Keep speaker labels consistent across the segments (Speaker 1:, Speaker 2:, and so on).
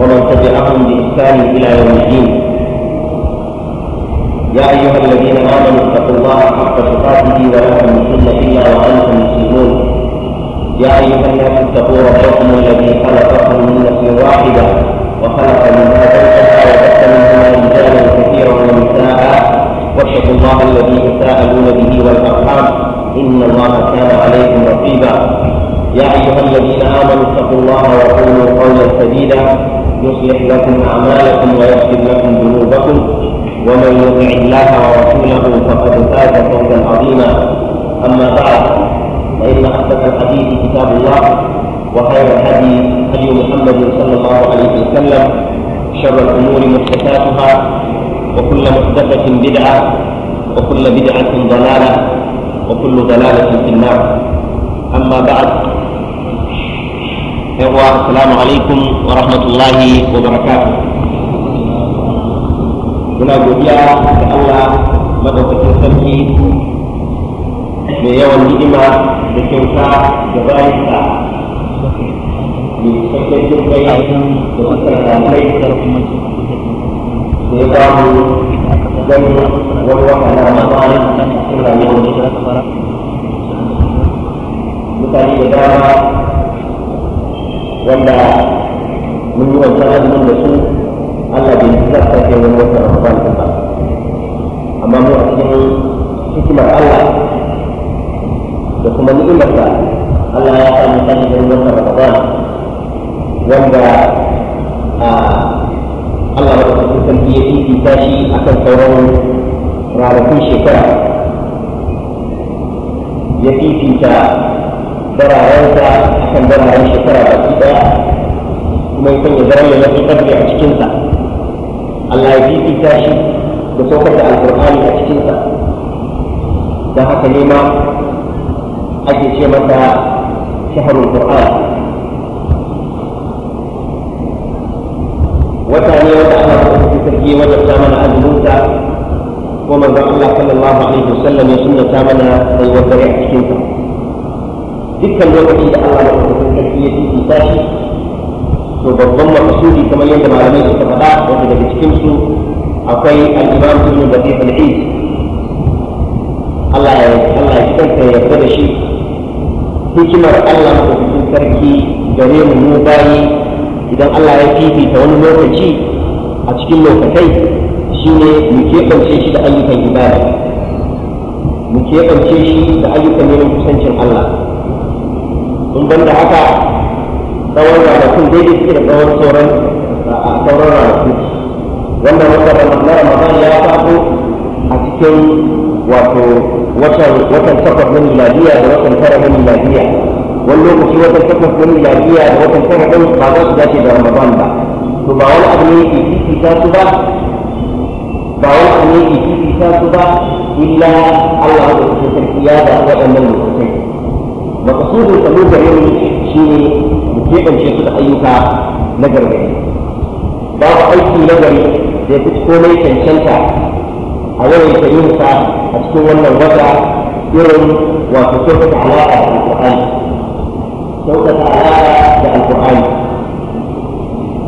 Speaker 1: ومن تبعهم بإحسان إلى يوم الدين يا أيها الذين آمنوا اتقوا الله حق تقاته ولا تموتن إلا وأنتم مسلمون يا أيها الناس اتقوا ربكم الذي خلقكم من نفس واحدة وخلق منها زوجها وبث منها رجالا كثيرا ونساء واتقوا الله الذي تساءلون به والأرحام إن الله كان عليكم رقيبا يا أيها الذين آمنوا اتقوا الله وقولوا قولا سديدا يصلح لكم أعمالكم ويغفر لكم ذنوبكم ومن يطع الله ورسوله فقد فاز فوزا عظيما أما بعد فإن أحسن الحديث كتاب الله وخير الحديث حديث محمد صلى الله عليه وسلم شر الأمور محدثاتها وكل محدثة بدعة وكل بدعة ضلالة وكل ضلالة في النار أما بعد yawa warahmatullahi wabarakatuh. wa rahmatullahi wa Allah madaukakin sarki mai yawan ni'ima da di wanda mun yi wancan azumin da su Allah bai yi zaka yi wani wata Ramadan din ba amma mu a cikin hikimar Allah da kuma da Allah ya samu yi wani wata Ramadan wanda Allah ya kasu sarki ya tashi shi kan sauran ranakun shekara ya fita. bararensa akan bararen shekara baki daya kuma ya sanya daren da lafi kadri a cikinsa Allah ya fifita shi da saukar da alƙur'ani a cikinsa don haka ne ma ake ce masa shaharul qur'an wata ne wata ana da sarki wajen ta mana azumunta ko manzon Allah sallallahu alaihi wasallam ya sunnata mana aiwatar a cikinsa dukkan lokaci da Allah ya kuma sarki ya fifita shi to babban makasudi kamar yadda malamai suka faɗa wanda daga cikin su akwai al-Imam Ibn Rabi' al-Eid Allah ya Allah ya kanta ya yarda da shi hikimar Allah ko cikin sarki gare mu mu bayi idan Allah ya fifita wani lokaci a cikin shi shine mu keɓance shi da ayyukan ibada mu keɓance shi da ayyukan neman kusancin Allah in ban da haka tsawon ranakun daidai suke da tsawon sauran ah, tsawon ranakun Wanda wata ranar ramadan ya faɗo a cikin wato watan watan takwas na miladiya da watan tara na miladiya wani lokaci watan takwas na miladiya da watan tara ɗin ba za su dace da ramadan ba to ba wani abu ne ke fifita su ba ba wani abu ne ke fifita su ba illa Allah da kusa sarki ya da waɗannan lokacin makasudin salo gare mu shi ne mu keɓance su da ayyuka na gargari babu aiki na gari da ya fi komai cancanta a yawan sayinsa a cikin wannan wata irin wato ta alaƙa da alƙur'ani ta alaƙa da alƙur'ani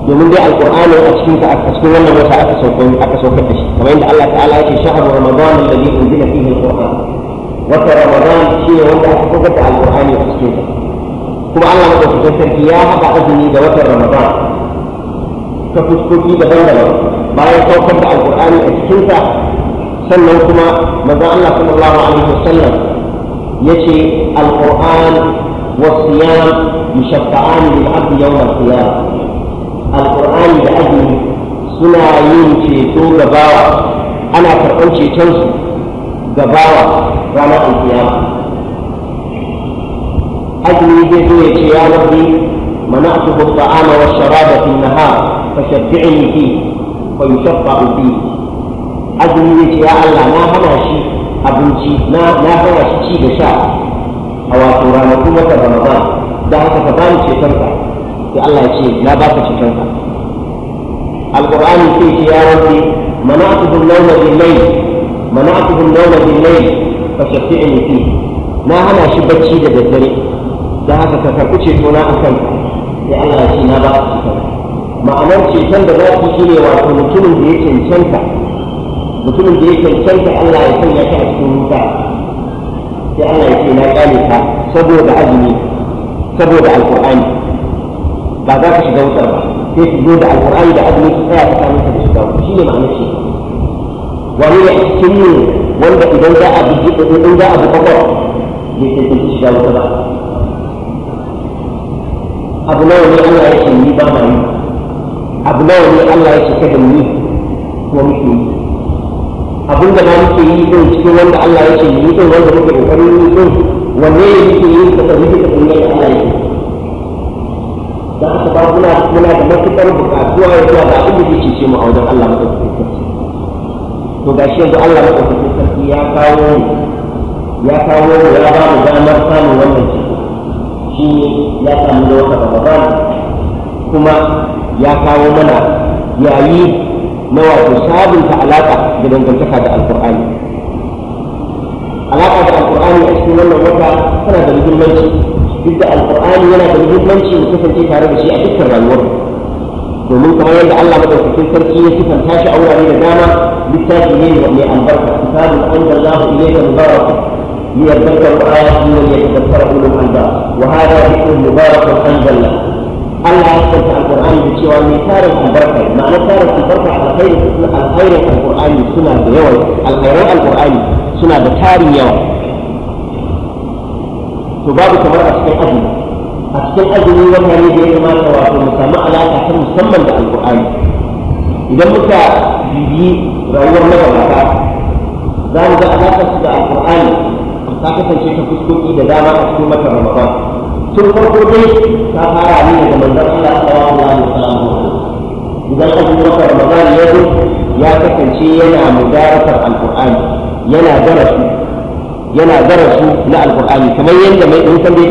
Speaker 1: domin dai alƙur'ani a cikin a cikin wannan wata aka saukar da shi kamar yadda Allah ta'ala ya ce shahar ramadan alladhi unzila fihi alqur'an wata ramadan shi ne wanda aka saukar da alƙur'ani a cikin kuma Allah madaukakin sarki ya haɗa azumi da watan ramadan ta fuskoki daban-daban bayan saukar da alƙur'ani a cikinsa sannan kuma manzon Allah sallallahu alaihi wasallam yace alqur'an والصيام يشفعان للعبد يوم da azumi suna سنا ينشي تو gabawa ana karɓar cetonsu gabawa ranar azumi zai zo ya ce ya rabbi منعته الطعام والشراب في النهار فشبعني فيه فيشفع فيه azumi zai ce ya Allah na hana shi abinci na hana shi ci da sha a wato ranaku wata Ramadan da haka ka bani cetonka sai Allah ya ce na baka cetonka alqur'ani sai ce ya rabbi mana'atuhu an-nawma bil-layl فشفعني فيه ما أنا شبكي لدري da daddare. Da haka ka karɓi ceto na a kan sai Allah ya ce na ba su cikin ma'anar ceton da za ku shi ne wato mutumin da ya cancanta mutumin da ya cancanta Allah ya sanya ka a cikin wuta sai Allah ya ce na kyale ka saboda azumi saboda alƙur'ani ba za ka shiga wutar ba sai su zo da alƙur'ani da azumi su tsaya ka samu ka da shiga wuta shi ne ma'anar ceto wani ne a cikin ne wanda idan za a bi in za a bi kwakwar bai tantance shiga wuta ba abu nawa ne Allah ya ce ni ba ma yi abu nawa ne Allah ya ce kada ni kuma muke yi abin da ma muke yi din cikin wanda Allah ya ce ni din wanda muke kokarin yi din wanne ne muke yi da kuma muke kokarin yi Allah ya ce da aka ba muna muna da matukar bukatuwa ya zuwa ga abin da ke ce mu a wajen Allah madaukakin sarki to gashi yanzu Allah madaukakin shi ya kawo ne ya kawo ne ya ba mu damar samun wannan ciki shi ne ya samu da wata babban, kuma ya kawo mana yayi na wato sabunta alaƙa da dangantaka da alƙur'ani alaƙa da alƙur'ani a cikin wannan wata tana da muhimmanci duk da alƙur'ani yana da muhimmanci mu kasance tare da shi a dukkan rayuwarmu domin kamar yadda Allah madaukakin sarki ya sifanta tashi a wurare da dama littafi ne mai albarka kitabu anzalahu ilayka mubarak liyadabbaru ayati wa liyatadabbara ulul albab wa hadha dhikrun mubarakun anzalahu Allah ya sifanta alqur'ani da cewa mai tarin albarka ma'ana tarin albarka alkhairin alkhairin alqur'ani suna da yawa alkhairin alqur'ani suna da tarin yawa to babu kamar a cikin azumi a cikin azumi wata ne da ya kamata wato mu samu alaƙa ta musamman da alƙur'ani idan muka bibi rayuwar wata, za mu ga alaƙar su da alƙur'ani ta kasance ta fuskoki da dama a cikin mata ramadan tun farko dai ta fara ne daga manzon Allah sallallahu alaihi wasallam idan azumi wata ramadan ya zo ya kasance yana mudarakar alƙur'ani yana darasi yana darasu na alqur'ani kamar yadda mai in san dai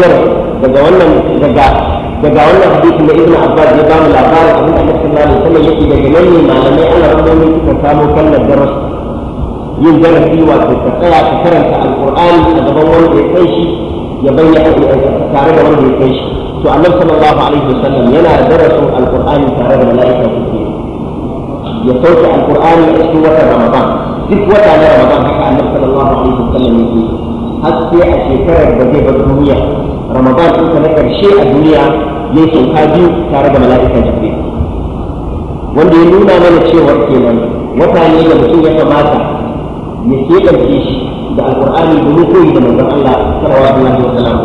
Speaker 1: daga wannan daga daga wannan hadisi da ibnu abbas ya bamu labarin abin da sallallahu alaihi wasallam yake daga nan ne malamai ana rubuta suka samo kallon darasu yin darasi wato ka tsaya ka karanta alqur'ani a gaban wanda ya kai shi ya bayyana tare da wanda ya kai shi to annabi sallallahu alaihi wasallam yana darasin alqur'ani tare da mala'ika ya sauke alkur'ani a cikin watan ramadan duk wata na ramadan haka annabi sallallahu alaihi wasallam yake har sai a shekarar da zai bar duniya ramadan ɗinsa na karshe a duniya ya sauka biyu tare da mala'ika jibril wanda ya nuna mana cewa kenan wata ne da mutum ya kamata ya keɓance shi da alkur'ani domin koyi da manzon Allah sallallahu alaihi salam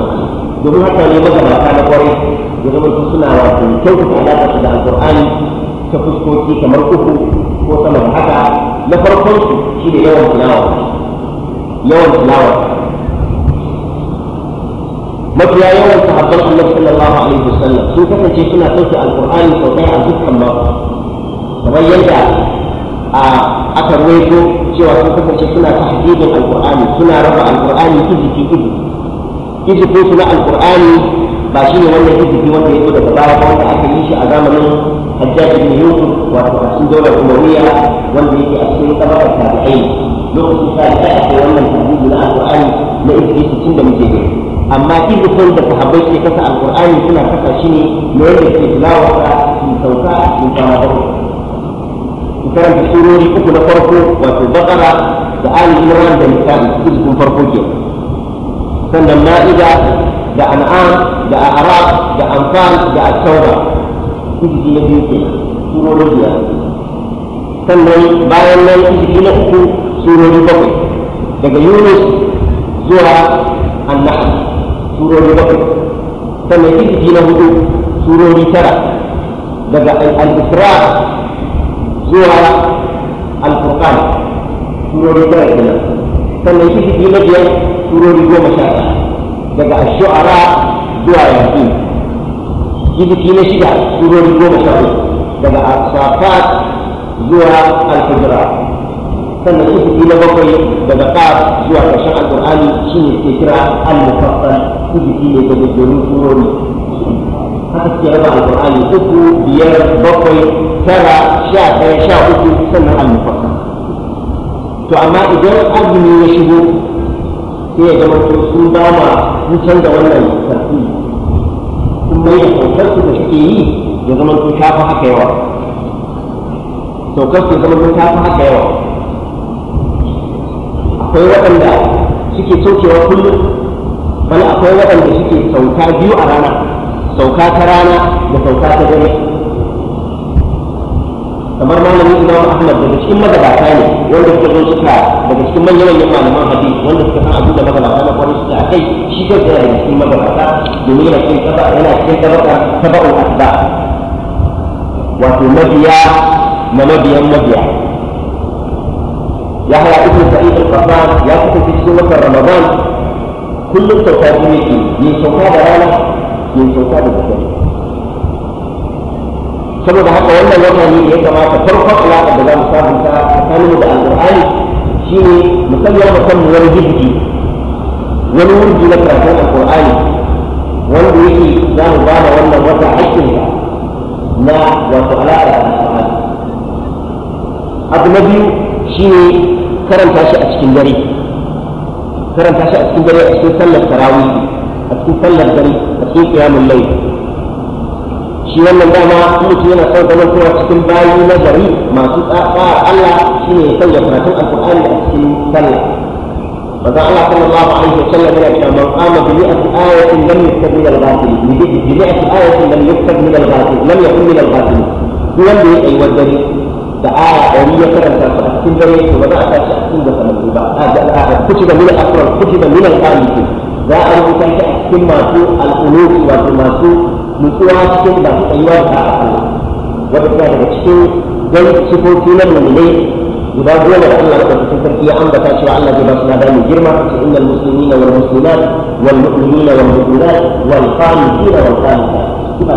Speaker 1: domin haka ne magabata na kwarai ya zama suna wato kyautata alaƙa da alkur'ani ta fuskoki kamar uku ko sama da haka na farkon su shi ne yawan tilawa yawan tilawa mafiya yawan sahabban annabi sallallahu alaihi wasallam sun kasance suna ɗauke alqur'ani sosai a dukkan ma kamar yadda a aka ruwaito cewa sun kasance suna tahdidin alqur'ani suna raba alqur'ani izifi izifi izifin su na alqur'ani ba shi ne wannan izifi wanda ya zo daga baya ba wanda aka yi shi a zamanin hajjaj ibn yusuf wato a cikin daular umarniya wanda yake a cikin tabakar tabi'ai lokacin sa da aka yi wannan tabi'u na alqur'ani na idris da muke gani amma ibukun da sahabbai suke kasa alqur'ani suna kasa shi ne na ke tilawa a cikin a cikin kwana bakwai ku karanta uku na farko wato bakara da ali imran da misali ibukun farko ke sannan ma'ida da an'am da a'raf da amfan da at-tauba kita la biir bi suuroo la jiyaat kon loolu bàyyi di bokk Jaga yunus zuha an nahl di bokk sannan guddi gi la hudu suuroo di al isra al di tara kenan sannan guddi gi la di jibiti na shida turori goma sha hudu daga safat zuwa alfajira sannan jibiti na bakwai daga kaf zuwa ƙarshen shi ne ke kira al-mufassal jibiti ne daga jerin turori haka suke raba alqur'ani uku biyar bakwai tara sha ɗaya sha uku sannan al-mufassal to amma idan azumi ya shigo sai ya zama sun ba ma wutar da wannan tartibi mai saukar su da suke yi ya zama sun shafa haka yawa saukar su zama sun shafa haka yawa akwai waɗanda suke saukewa kullum bala akwai waɗanda suke sauka biyu a rana sauka ta rana da sauka ta dare kamar malami imam ahmad daga cikin magabata ne wanda suka zo suka daga cikin manyan manyan malaman hadisi wanda suka san abin da magabata na kwarai suka akai shi kan da daga cikin magabata domin yana cikin taba yana cikin tabaka tabau asba wato mabiya na mabiyan mabiya ya haya ibn sa'id al-qattan ya kasance cikin watan ramadan kullum sauka ne ke yin sauka da rana yin sauka da dare saboda haka wannan wata ne ya kamata farkon alaƙa da za mu sabunta tsakanin da alƙur'ani shine mu sanya mu wani jirgi wani wurji na karatun alƙur'ani wanda yake za mu ba da wannan wata haƙƙinsa na wato alaƙa da alƙur'ani abu na biyu shine karanta shi a cikin dare karanta shi a cikin dare a cikin sallar tarawih a cikin sallar dare a cikin qiyamul layl shi wannan dama mutum yana son zaman kowa cikin bayi na gari masu tsara Allah shi ne sanya karatun alƙur'ani a cikin sallah maza Allah sallallahu alaihi wa sallam yana cewa man qama bi mi'ati ayatin lam yaktab min al-batil bi mi'ati ayatin lam yaktab min al-batil lam yakun min al-batil duk wanda ya aiwa dare da aya ɗari ya karanta su a cikin dare to ba za a tashi a cikin da sanatu ba a da a kuci da min al-asrar kuci da min al za a rubuta shi a cikin masu al-uluf wato masu nutsuwa cikin ba tsayuwa da a Allah wanda tana daga cikin dan sifofi na mu'minai guda goma da Allah madaukakin sarki ya ambata cewa Allah zai ba su lada mai girma ce innal muslimina wal muslimat wal mu'minina wal mu'minat wal qanitina wal qanitat kuma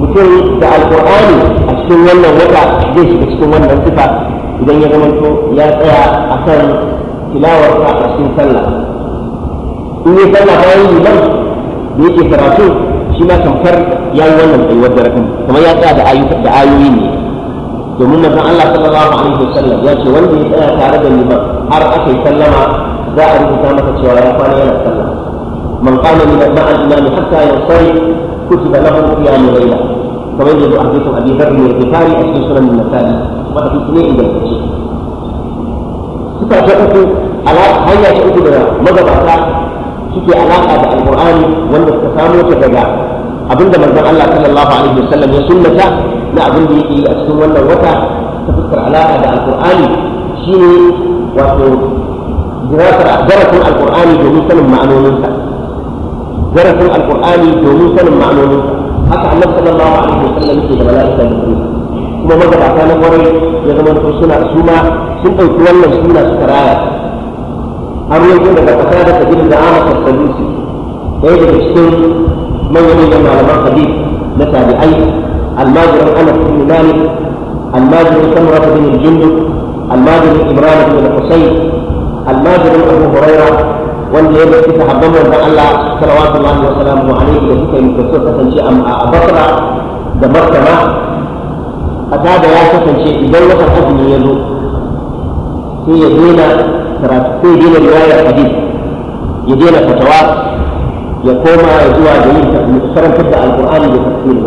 Speaker 1: mutum da alkur'ani a cikin wannan wata zai shiga cikin wannan sifa idan ya zama to ya tsaya a kan tilawarsa a cikin sallah in yi sallah bayan liman yake karatu shi ma tamkar ya yi wannan tsayuwar darakan kuma ya tsaya da ayoyi ne domin na san Allah sallallahu alaihi wasallam ya ce wanda ya tsaya tare da liman har aka yi sallama za a rubuta masa cewa ya kwana yana sallah man qala min ma'a al-imam hatta yansari kutiba lahu qiyam layla kamar yadda hadisin Abi Dharr ne ke fari a cikin sunan Nasa'i wanda hadisi ne inda yake suka ta uku ala hanya ta uku da magabata suke alaka da alqur'ani wanda suka samo ta daga abinda manzon Allah sallallahu alaihi wasallam ya sunnata na abin da yake a cikin wannan wata ta fuskar alaka da alqur'ani shine wato darasin alqur'ani domin sanin ma'anoninsa darasin alqur'ani domin sanin ma'anoninsa haka annabi sallallahu alaihi wasallam yake da mala'ika da kuma magabata na kwarai ya zama suna suma sun ɗauki wannan suna suka raya أو يقول لك قتادة تجد دعامة الفلوسي فيجب السن من يجمع أن ما قديم مثل بأي الماجر أنس بن مالك الماجر سمرة بن الجندب الماجر إبراهيم بن الحسين الماجر أبو هريرة والذي يبقى في تحبهم لعل صلوات الله وسلامه عليه يبقى من كسوفة تنشي أم أبطر دمرت ما هذا لا تنشي إذا وقت أدني يدو في يدينا fassara su ko daina riwayar hadith ya daina fatawa ya koma zuwa da yin karantar da alqur'ani da tafsirin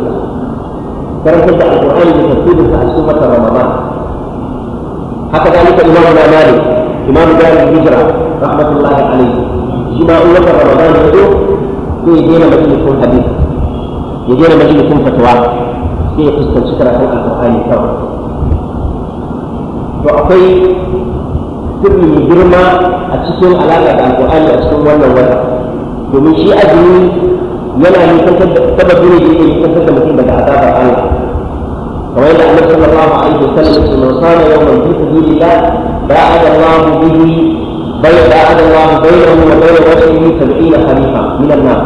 Speaker 1: karantar da alqur'ani da tafsirin sa a cikin watan ramadan haka dalika imamu na malik imamu dalil hijra rahmatullahi alaihi shi ma in watan ramadan ya zo sai ya daina majalisun hadith ya daina majalisun fatawa sai ya fuskanci karatun alqur'ani kawai to akwai sirri mai girma a cikin alaƙa da alƙur'ani a cikin wannan wata domin shi azumi yana nisantar da sababi ne da yake nisantar da mutum daga azabar Allah kamar yadda annabi sallallahu alaihi wasallam ya ce man kana yawman fi sabilillah ba'ada Allah bihi bai ba'ada Allah bainahu wa bain rasulihi 70 khalifa min an-nar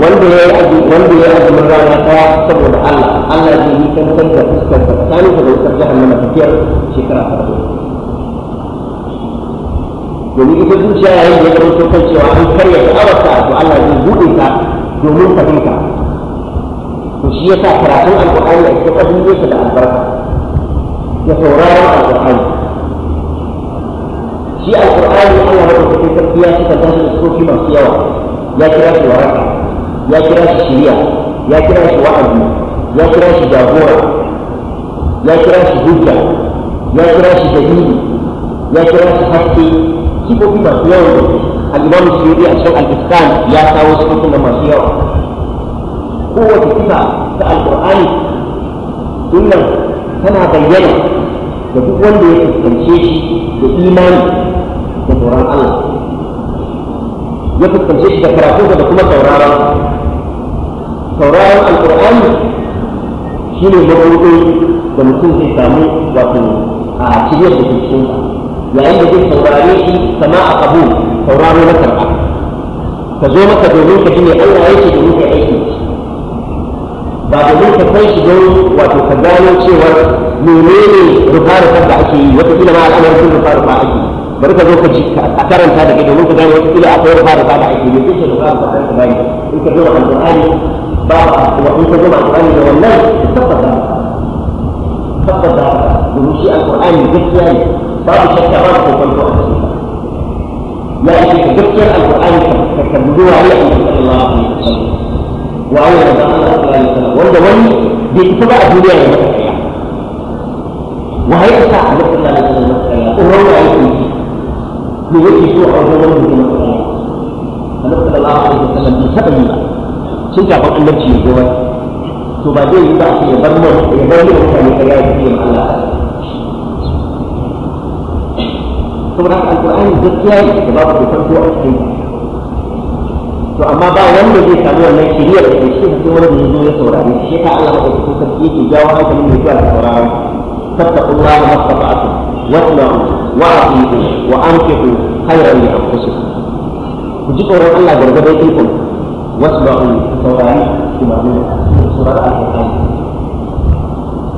Speaker 1: wanda ya yi wanda ya yi azumin rana ta saboda Allah Allah zai nisantar da fuskar ta tsakanin da wutar jahannama tafiyar shekara ta domin ita zuciya yayin da ya zama kan cewa an karya sha'awarta to Allah zai buɗe ta domin fahimta to shi yasa karatun alƙur'ani a cikin ƙasar yake da albarka ya sauraron alƙur'ani shi alƙur'ani Allah ya rubuta sarki ya cika gashi da soki masu yawa ya kira shi waraka ya kira shi shiriya ya kira shi wa'azi ya kira shi jagora ya kira shi hujja ya kira shi dalili ya kira shi haske sifofi masu yawan da al'imam shiri a cikin al ya kawo sifofin da masu yawa kowace sifa ta alqur'ani sunan tana bayyana da duk wanda ya fuskance shi da imani da tsoron Allah ya fuskance shi da karatu da kuma tauraron? sauraron sauraron shi ne mabuɗi da mutum zai samu wato a cikin da cikin يعني دي التواريخ سماء قبول تورار مكر أكبر فزو مكة دولوك جميع أي عيش دولوك عيش بعد ذلك فيش دول وتفضلوا تشور نوريني رفار فرد عشي وتفضل مع الأمر كل رفار فرد عشي بركة ذوك جيكا أكرم هذا كده ذوك جاني وتفضل أطول فرد عشي يتشي رفار فرد عشي انت ذوك القرآن بابا وانت ذوك القرآن لو النار تفضل ذلك تفضل ذلك ومشي القرآن بكياني باب الشكرات وكل رؤوسها. لكن ذكر القران الكريم بدون ان يكون صلى الله عليه وسلم. وعلى الله صلى الله عليه وسلم والدولي باتباع الدنيا المتكلمه. وهي ساعه ذكر الله عليه وسلم وروى عليه وسلم في وجه سوء الله عليه وسلم بسبب الله. شجع بطل ثم بعدين يبقى يبرمج يبرمج كان يتكلم على الله. saboda haka alqur'ani gaskiya yake da babu da farko a cikin to amma ba wanda zai samu wannan shiriyar da shi sai wanda ya zo ya saurare shi ka Allah ba ta kusa yake jawo hankali mai zuwa saurara fattaqullaha mastata'tum wasma'u wa'tidu wa anfiqu khayran li anfusikum ku ji tsoron Allah gargadai ikon wasma'u saurari su kuma ne surar al-qur'ani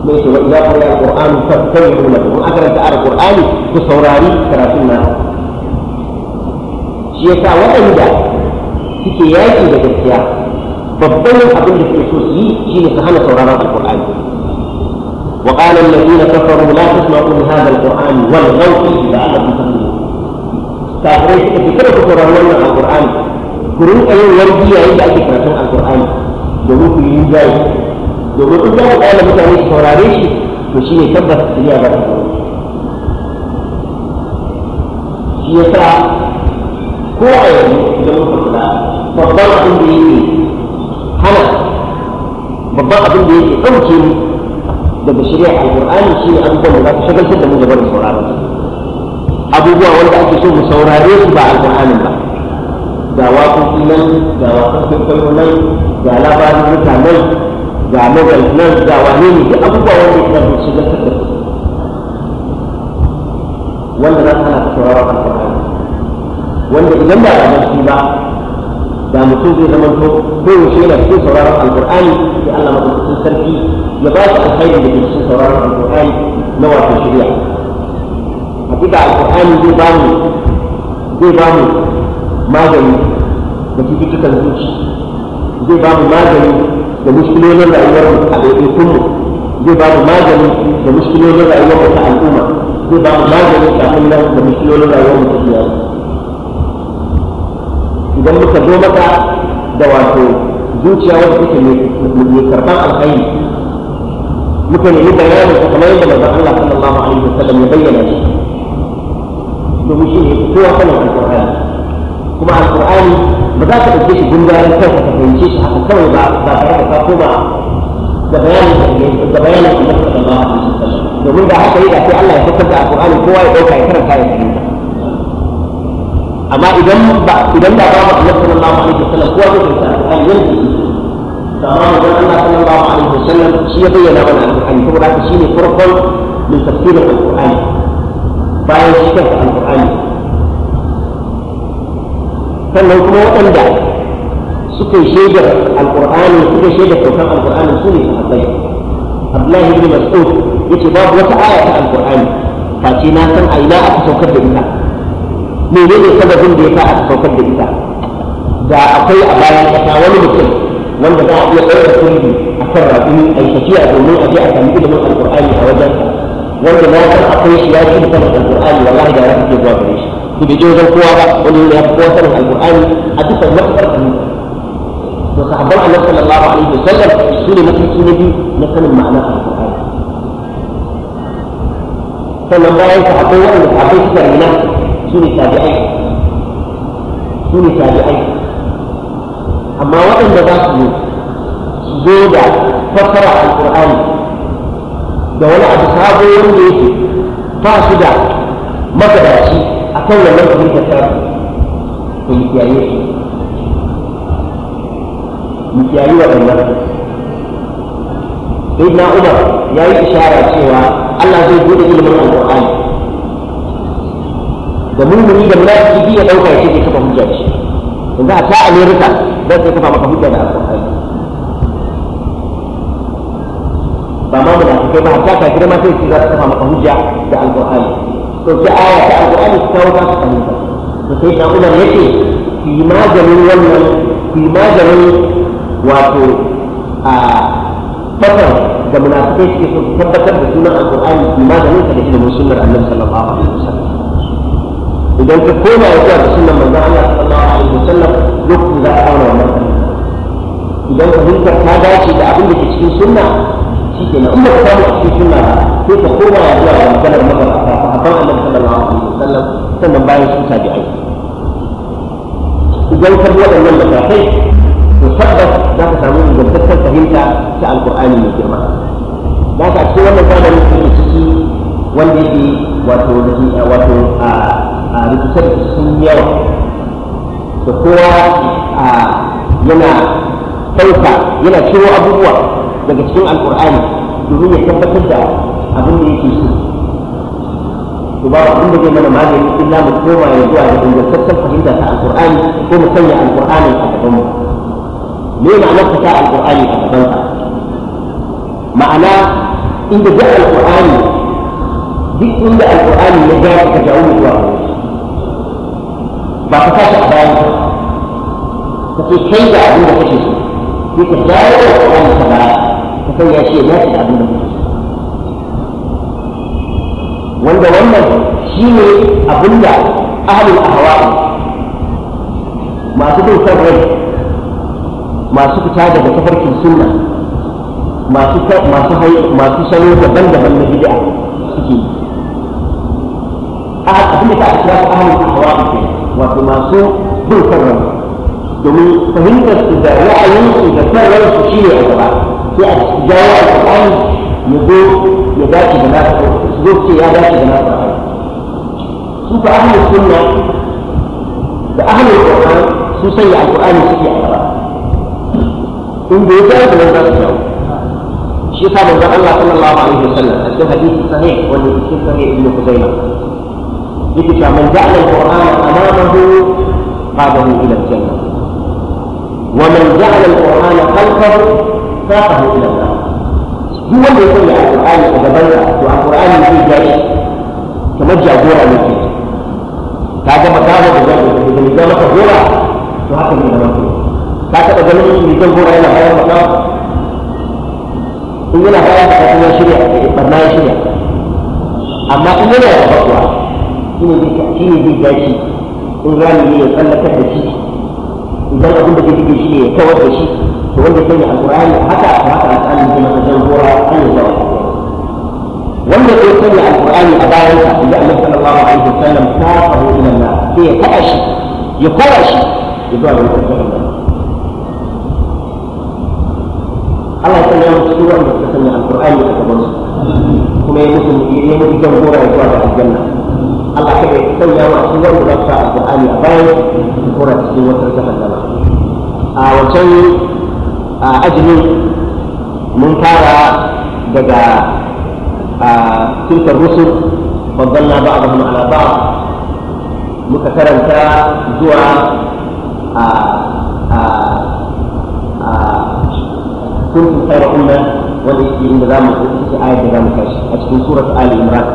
Speaker 1: mai ce wa idan kuma alqur'anu fastabi'u lahu in aka ranta alqur'ani ku saurari karatun na shi yasa waɗanda suke yaƙi da gaskiya babban abin da suke so su yi shine su hana sauraron alqur'ani وقال الذين كفروا لا Alƙur'ani من هذا القرآن والغوا فيه لعلكم تفلحون kafirai suka fi kada ku saurari wannan alƙur'ani ku rinƙa yin wani yayin da ake karatun alƙur'ani domin ku yi jayi domin in za ku ƙyala mutane su saurare shi to shi ne tabbata su yi a ba shi ya sa ko a yanzu idan muka kula babban abin da yake hana babban abin da yake ɗauke mu daga shari'ar alƙur'ani shi ne abubuwan da za ku shagaltar da mu da barin sauraron abubuwa wanda ake so mu saurare su ba alƙur'anin ba ga waƙoƙi nan ga waƙoƙin kwallo nan ga labarin mutanen ga mobile nan ga wane ne da abubuwa wanda ya zama su zaka da wanda za ka hana ka saurara kan Qur'ani wanda idan ba da shi ba da mutum zai zama to ko yaushe yana cikin sauraron alqur'ani sai Allah madaukakin sarki ya ba shi alkhairi da ke cikin sauraron alqur'ani na wato shari'a hakika alqur'ani zai ba mu zai ba mu magani da cututtukan zuci zai ba mu magani da mushkilolin rayuwar mu a ɗaiɗaikun mu zai ba mu magani da mushkilolin rayuwar mu ta al'umma zai ba mu magani kafin nan da mushkilolin rayuwar mu ta iyali idan muka zo maka da wato zuciya wanda take mai karɓar alkhairi muka nemi bayanin ta kamar yadda manzon Allah sallallahu alaihi wasallam ya bayyana shi domin shi ne kowa sanin alƙur'ani kuma Alƙur'ani ba za ka dauke shi gundarin kai ka fahimce shi haka kawai ba ba tare da ka koma da bayanin da bayanin da ka da ba domin da haka da sai Allah ya tabbata alqur'ani kowa ya dauka ya karanta ya fahimta amma idan ba idan da babu Allah sallallahu alaihi wasallam kowa zai fahimta alqur'ani yanzu amma idan Allah sallallahu alaihi wasallam shi ya bayyana mana alqur'ani saboda haka shine farkon min tafsirin Alƙur'ani bayan shi kansa alqur'ani sannan kuma waɗanda suka shaidar alƙur'ani suka yi shaidar kyautar alƙur'ani su ne sahabbai abdullahi ibn mas'ud yace babu wata aya ta alƙur'ani face na san a ina aka saukar da ita menene sababin da ya sa aka saukar da ita da akwai a bayan ƙasa wani mutum wanda za a iya ɗaukar turbi a kan raƙumi a domin a je a sami ilimin alƙur'ani a wajen wanda na san akwai shi ya cin sanin alqur'ani wallahi da rafi ke zuwa gare shi ku bi jozan kowa ba wani ne ya kowa sanin alqur'ani a duka matsalar duniya to sahabban annabi sallallahu alaihi wasallam su ne mataki na biyu na
Speaker 2: sanin ma'anar alqur'ani
Speaker 1: sannan bayan sahabbai wanda sahabbai suka rina su ne tabi'ai su ne tabi'ai amma waɗanda za su zo da fassara alqur'ani da wani abu sabo wanda yake ba su da magadaci a kan wannan fahimtar ta ku yi kiyaye su mu kiyaye wa sai na umar ya yi ishara cewa allah zai buɗe ilimin alƙur'ani da mummuni da munafiki ya ɗauka ya ce ke kafa hujja shi yanzu a ta amerika zai kafa maka hujja da alƙur'ani kai ba hatta kafire ma sai su za su kafa maka hujja da alqur'ani to sai aya ta alqur'ani ta kawo ta fahimta to sai dan udan yake fi maganin wannan fi maganin wato a fatar da munafikai suke so su tabbatar da sunan alqur'ani fi maganin ka da ilimin sunnar annabi sallallahu alaihi wasallam idan ka koma ya zuwa da sunnan manzon Allah sallallahu alaihi wasallam lokacin za ka auna wannan idan ka hujjar ta dace da abin da ke cikin sunna shi ke nan inda ka samu suna sai ka koma ya zuwa ga maganar magabata ta hakan annabi sallallahu alaihi wasallam sannan bayan sun ta bi'ai idan ka bi waɗannan matakai to tabbas za ka samu ingantaccen fahimta ta alƙur'ani mai girma za ka ce wannan zamanin da ciki wanda yake wato wato a rikice da sun yawa da kowa yana ɗauka yana ciro abubuwa daga cikin alkur'ani domin ya tabbatar da abin da yake so to ba abin da zai mana magani illa mu koma ya zuwa da ingantaccen fahimta ta alkur'ani ko mu sanya alkur'ani a gaban mu me ma'anar ka ta alkur'ani a gaban ka ma'ana inda duk alkur'ani duk inda alkur'ani ya ga ka jawo mu zuwa ba ka tashi a bayan ka ka ce kai da abin da kake so sai ka jawo alkur'ani ka baya sai ya ce shi abin da wanda wannan shi ne abin da ahalin ahawa'i masu bin rai masu fita daga tafarkin sunna masu masu salo daban-daban na bid'a suke a abin da aka kira ahalin ahawa'i ke wato masu bin rai domin fahimtar su da ra'ayin su da son su shi ne a gaba يعني جاء الان يقول يداك بنفسه اسلوبك يا داك بنفسه شوف اهل السنه باهل القران سوسي على القران سوسي على in da ya gaya da wanda su yau shi sa manzo Allah sallallahu alaihi wasallam a cikin hadisi sahih wanda ke cikin sahih ibn Khuzaima yake cewa man ja'ala al-Qur'ana amamahu qadahu ila al-jannah wa man ja'ala al-Qur'ana khalfahu safahu ila Allah duk wanda ya koyi alqur'ani a gaban ka to alqur'ani zai ja shi kamar jagora ne ke ka ga makaho da zai da zai maka gora to haka ne da ka taɓa ganin mai zan gora yana bayan makaho in yana bayan da kuma shirya barna ya shirya amma in yana da bakwa shi ne zai dace in rani ne ya tsallakar da shi idan abin da zai shi ne ya kawar da shi to wanda ke da alqur'ani haka haka alqur'ani kuma ka san gora kan da wanda ke sanya alqur'ani a bayan sa inda Allah sallallahu alaihi wasallam ta faru ila Allah sai ya kada shi ya fara shi ya ba da Allah ya sanya su wanda ta sanya alqur'ani a gaban su kuma ya mutu ya mutu kan gora ya zuwa da aljanna Allah kada ya sanya wa su wanda za sa alqur'ani a bayan ya gora cikin wata jahannama a wancan a azumin mun fara daga tutar rusul faddalna ba'dahum ala ba muka karanta zuwa a kuntum tsara umma wanda yake inda za mu kusa ayat da za mu kashi a cikin surat ali imran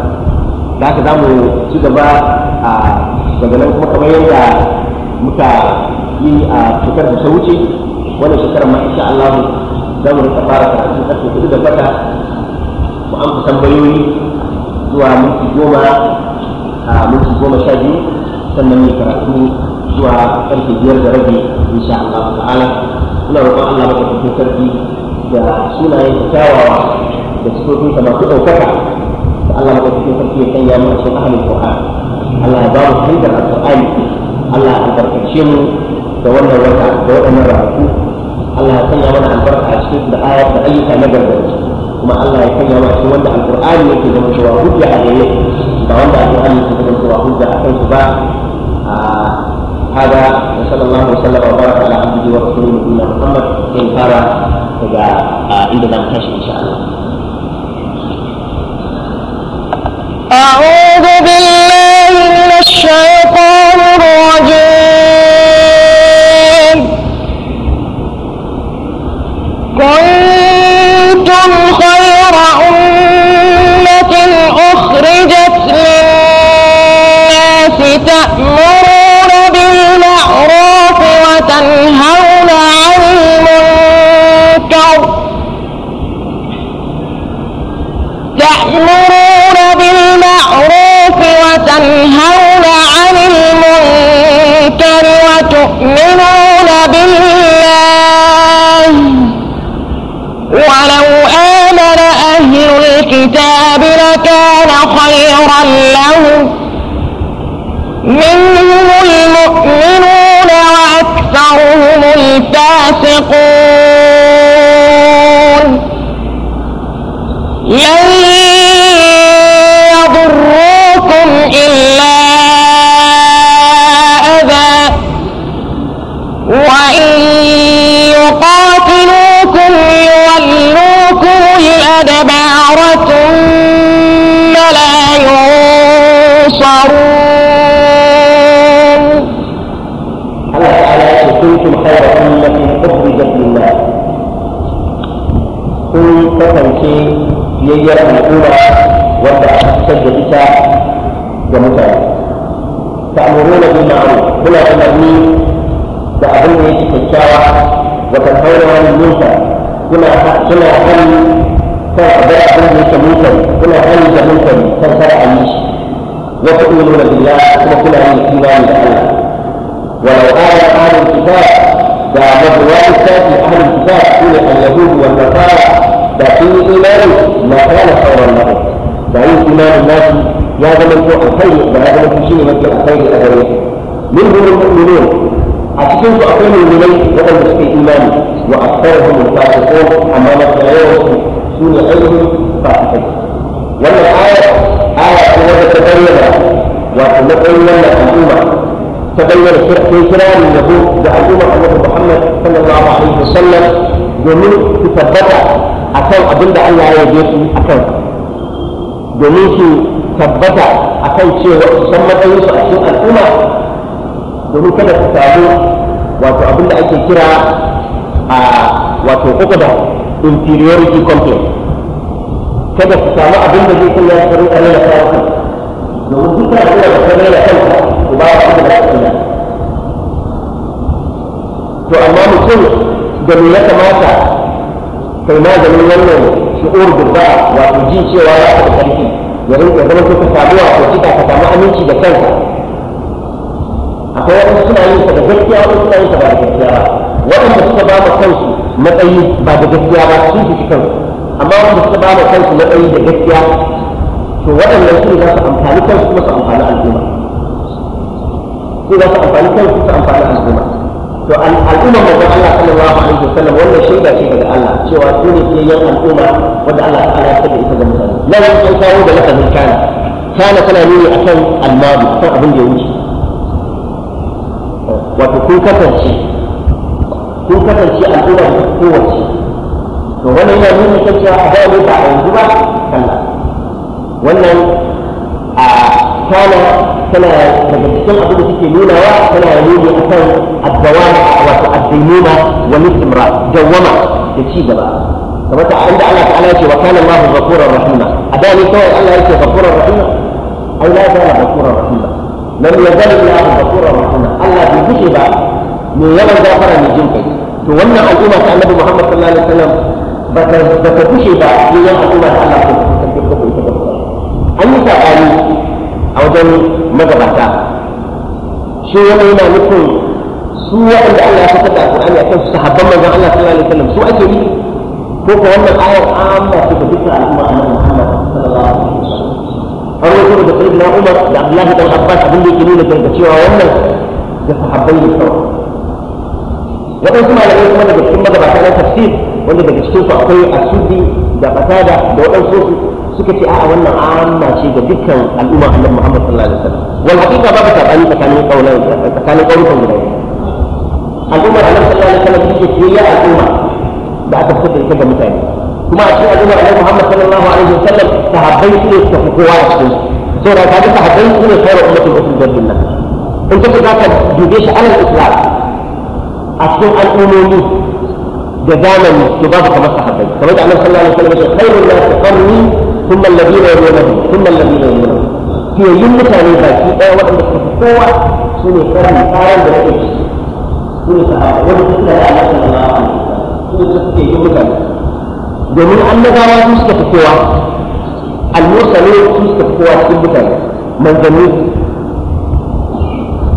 Speaker 1: da aka za mu ci gaba a daga nan kuma kamar yadda muka yi a cutar da ta wuce wannan shekarar ma insha Allah za mu rika fara karatu karfe kudu da bata mu amsa tambayoyi zuwa minti goma a minti goma sha biyu sannan mu karatu zuwa karfe biyar da rabi insha Allah ta'ala ina roƙon Allah madaukakin karfi da sunayen kyawawa da sifofin sa masu ɗaukaka da Allah madaukakin sarki ya sanya mu a cikin ahlul Qur'an Allah ya ba mu fahimtar al Allah ya albarkace mu da wannan wata da waɗannan ranaku Allah ya sanya mana albarka a cikin da ayar da ayyuka na gargaɗi kuma Allah ya sanya mana cikin wanda alqur'ani yake zama cewa hujja a gare ba wanda alqur'ani yake zama cewa hujja a kansu ba هذا وصلى الله وسلم وبارك على عبده ورسوله نبينا محمد ان قال daga inda za mu tashi insha
Speaker 3: Allah. أعوذ بالله من الشيطان الرجيم Qual é واثقون
Speaker 1: kyakkyawa wa ta kaura musa kuna kuna kan kan da abin da yake munkari kuna kan da munkari kan kada a yi shi wa tu'minu billah kuma kuna yin imani da Allah wa law qala ahlul kitab da mabuwai sai ahlul kitab kuna al-yahud wa nasara da sun yi imani ma kana sauran nasu da yin imanin nasu ya zama ko alkhairi da ya zama shi ne mafi alkhairi a gare su minhum al-mu'minun a cikin su akwai mummunai waɗanda suke imani wa aktarhum al-fasiqun amma mafiyawansu su ne ainihin fasikai wannan aya aya ce wadda ta bayyana wato matsayin wannan al'umma ta bayyana shirkin kirarin yabo da al'ummar annabi Muhammad sallallahu alaihi wasallam domin su tabbata akan abin da Allah ya yabe su akan domin su tabbata akan cewa san matsayinsu a cikin al'umma domin kada su samu wato abin da ake kira a wato ukuda interiority complex kada su samu abin da zai kula da rinka da kawai domin duk da kira da kare da kanka su ba wa da da kake to amma mutum da me ya kamata kai maganin wannan shi'ur gurba wato jin cewa ya da karfi ya rinka zama suka samu wato cika ka samu aminci da kanka akwai wasu suna yin sa da gaskiya wasu suna yin sa ba da gaskiya ba waɗanda suka ba da kansu matsayi ba da gaskiya ba sun fi shi kansu amma waɗanda suka ba da kansu matsayi da gaskiya to waɗannan su za su amfani kansu kuma su amfani al'umma su za su amfani kansu su amfani al'umma to al'umma manzon Allah sallallahu alaihi wasallam wannan shaida ce daga Allah cewa su ne ke yan al'umma wanda Allah ta'ala ya saka ita ga mutane nan an kawo da lafazin kana kana tana nuni akan almadi akan abin da ya wuce wato kun kasance kun kasance al'ummar kowace to wannan yana nuna kan cewa a bayan ba a yanzu ba sallah wannan a kana tana daga cikin abin da suke nunawa tana nuni a kan addawama wato addinuna wa nistimra dawama da ci gaba kamar ta inda Allah ta'ala ya ce wa kana Allahu ghafurur rahima a bayan kawai Allah ya ce ghafurur rahima ai la ta'ala ghafurur rahima lam yazal Allahu ghafurur rahim Allah bai gushe ba mai yawan gafara mai jin kai to wannan al'umma ta Annabi Muhammad sallallahu alaihi wasallam ba ta ba ta gushe ba yayin al'umma ta Allah an yi sabani a wajen magabata shi wani yana nufin su waɗanda Allah ya saka da Qur'ani akan su sahabban manzon Allah sallallahu alaihi wasallam su ake yi ko ko wannan ayar amma su ga dukkan al'umma har wasu da sai na umar da abdullahi dan abbas abin da yake nuna kanka cewa wannan da sahabbai ne kawai waɗansu malamai kuma daga cikin magabata na tafsir wanda daga cikin su akwai asudi da fasada da waɗansu su suka ce a'a wannan amma ce ga dukkan al'umma annabi muhammad sallallahu alaihi wasallam wal haqiqa babu tabani tsakanin kaulan tsakanin kaulan guda al'ummar annabi sallallahu alaihi wasallam take ce ya al'umma da aka fitar da ita ga mutane kuma a cikin al'ummar annabi Muhammad sallallahu alaihi wasallam sahabbai su ne suka fi kowa a cikin saboda ka ga sahabbai su ne sauran ummatin usul jannan in ka za ka dube shi alal islam a cikin al'ummomi da zamani to babu kamar sahabbai kamar da annabi sallallahu alaihi wasallam ya ce khairun nas qarni thumma alladhina yalunahum thumma alladhina yalunahum fiyayyun mutane baki ɗaya waɗanda suka fi kowa su ne karni tsarin da nake su ne sahabbai wanda suka da Allah sallallahu alaihi wasallam su ne suke yin mutane domin annabawa su suka fi kowa al-mursalin su suka fi kowa cikin mutane manzanni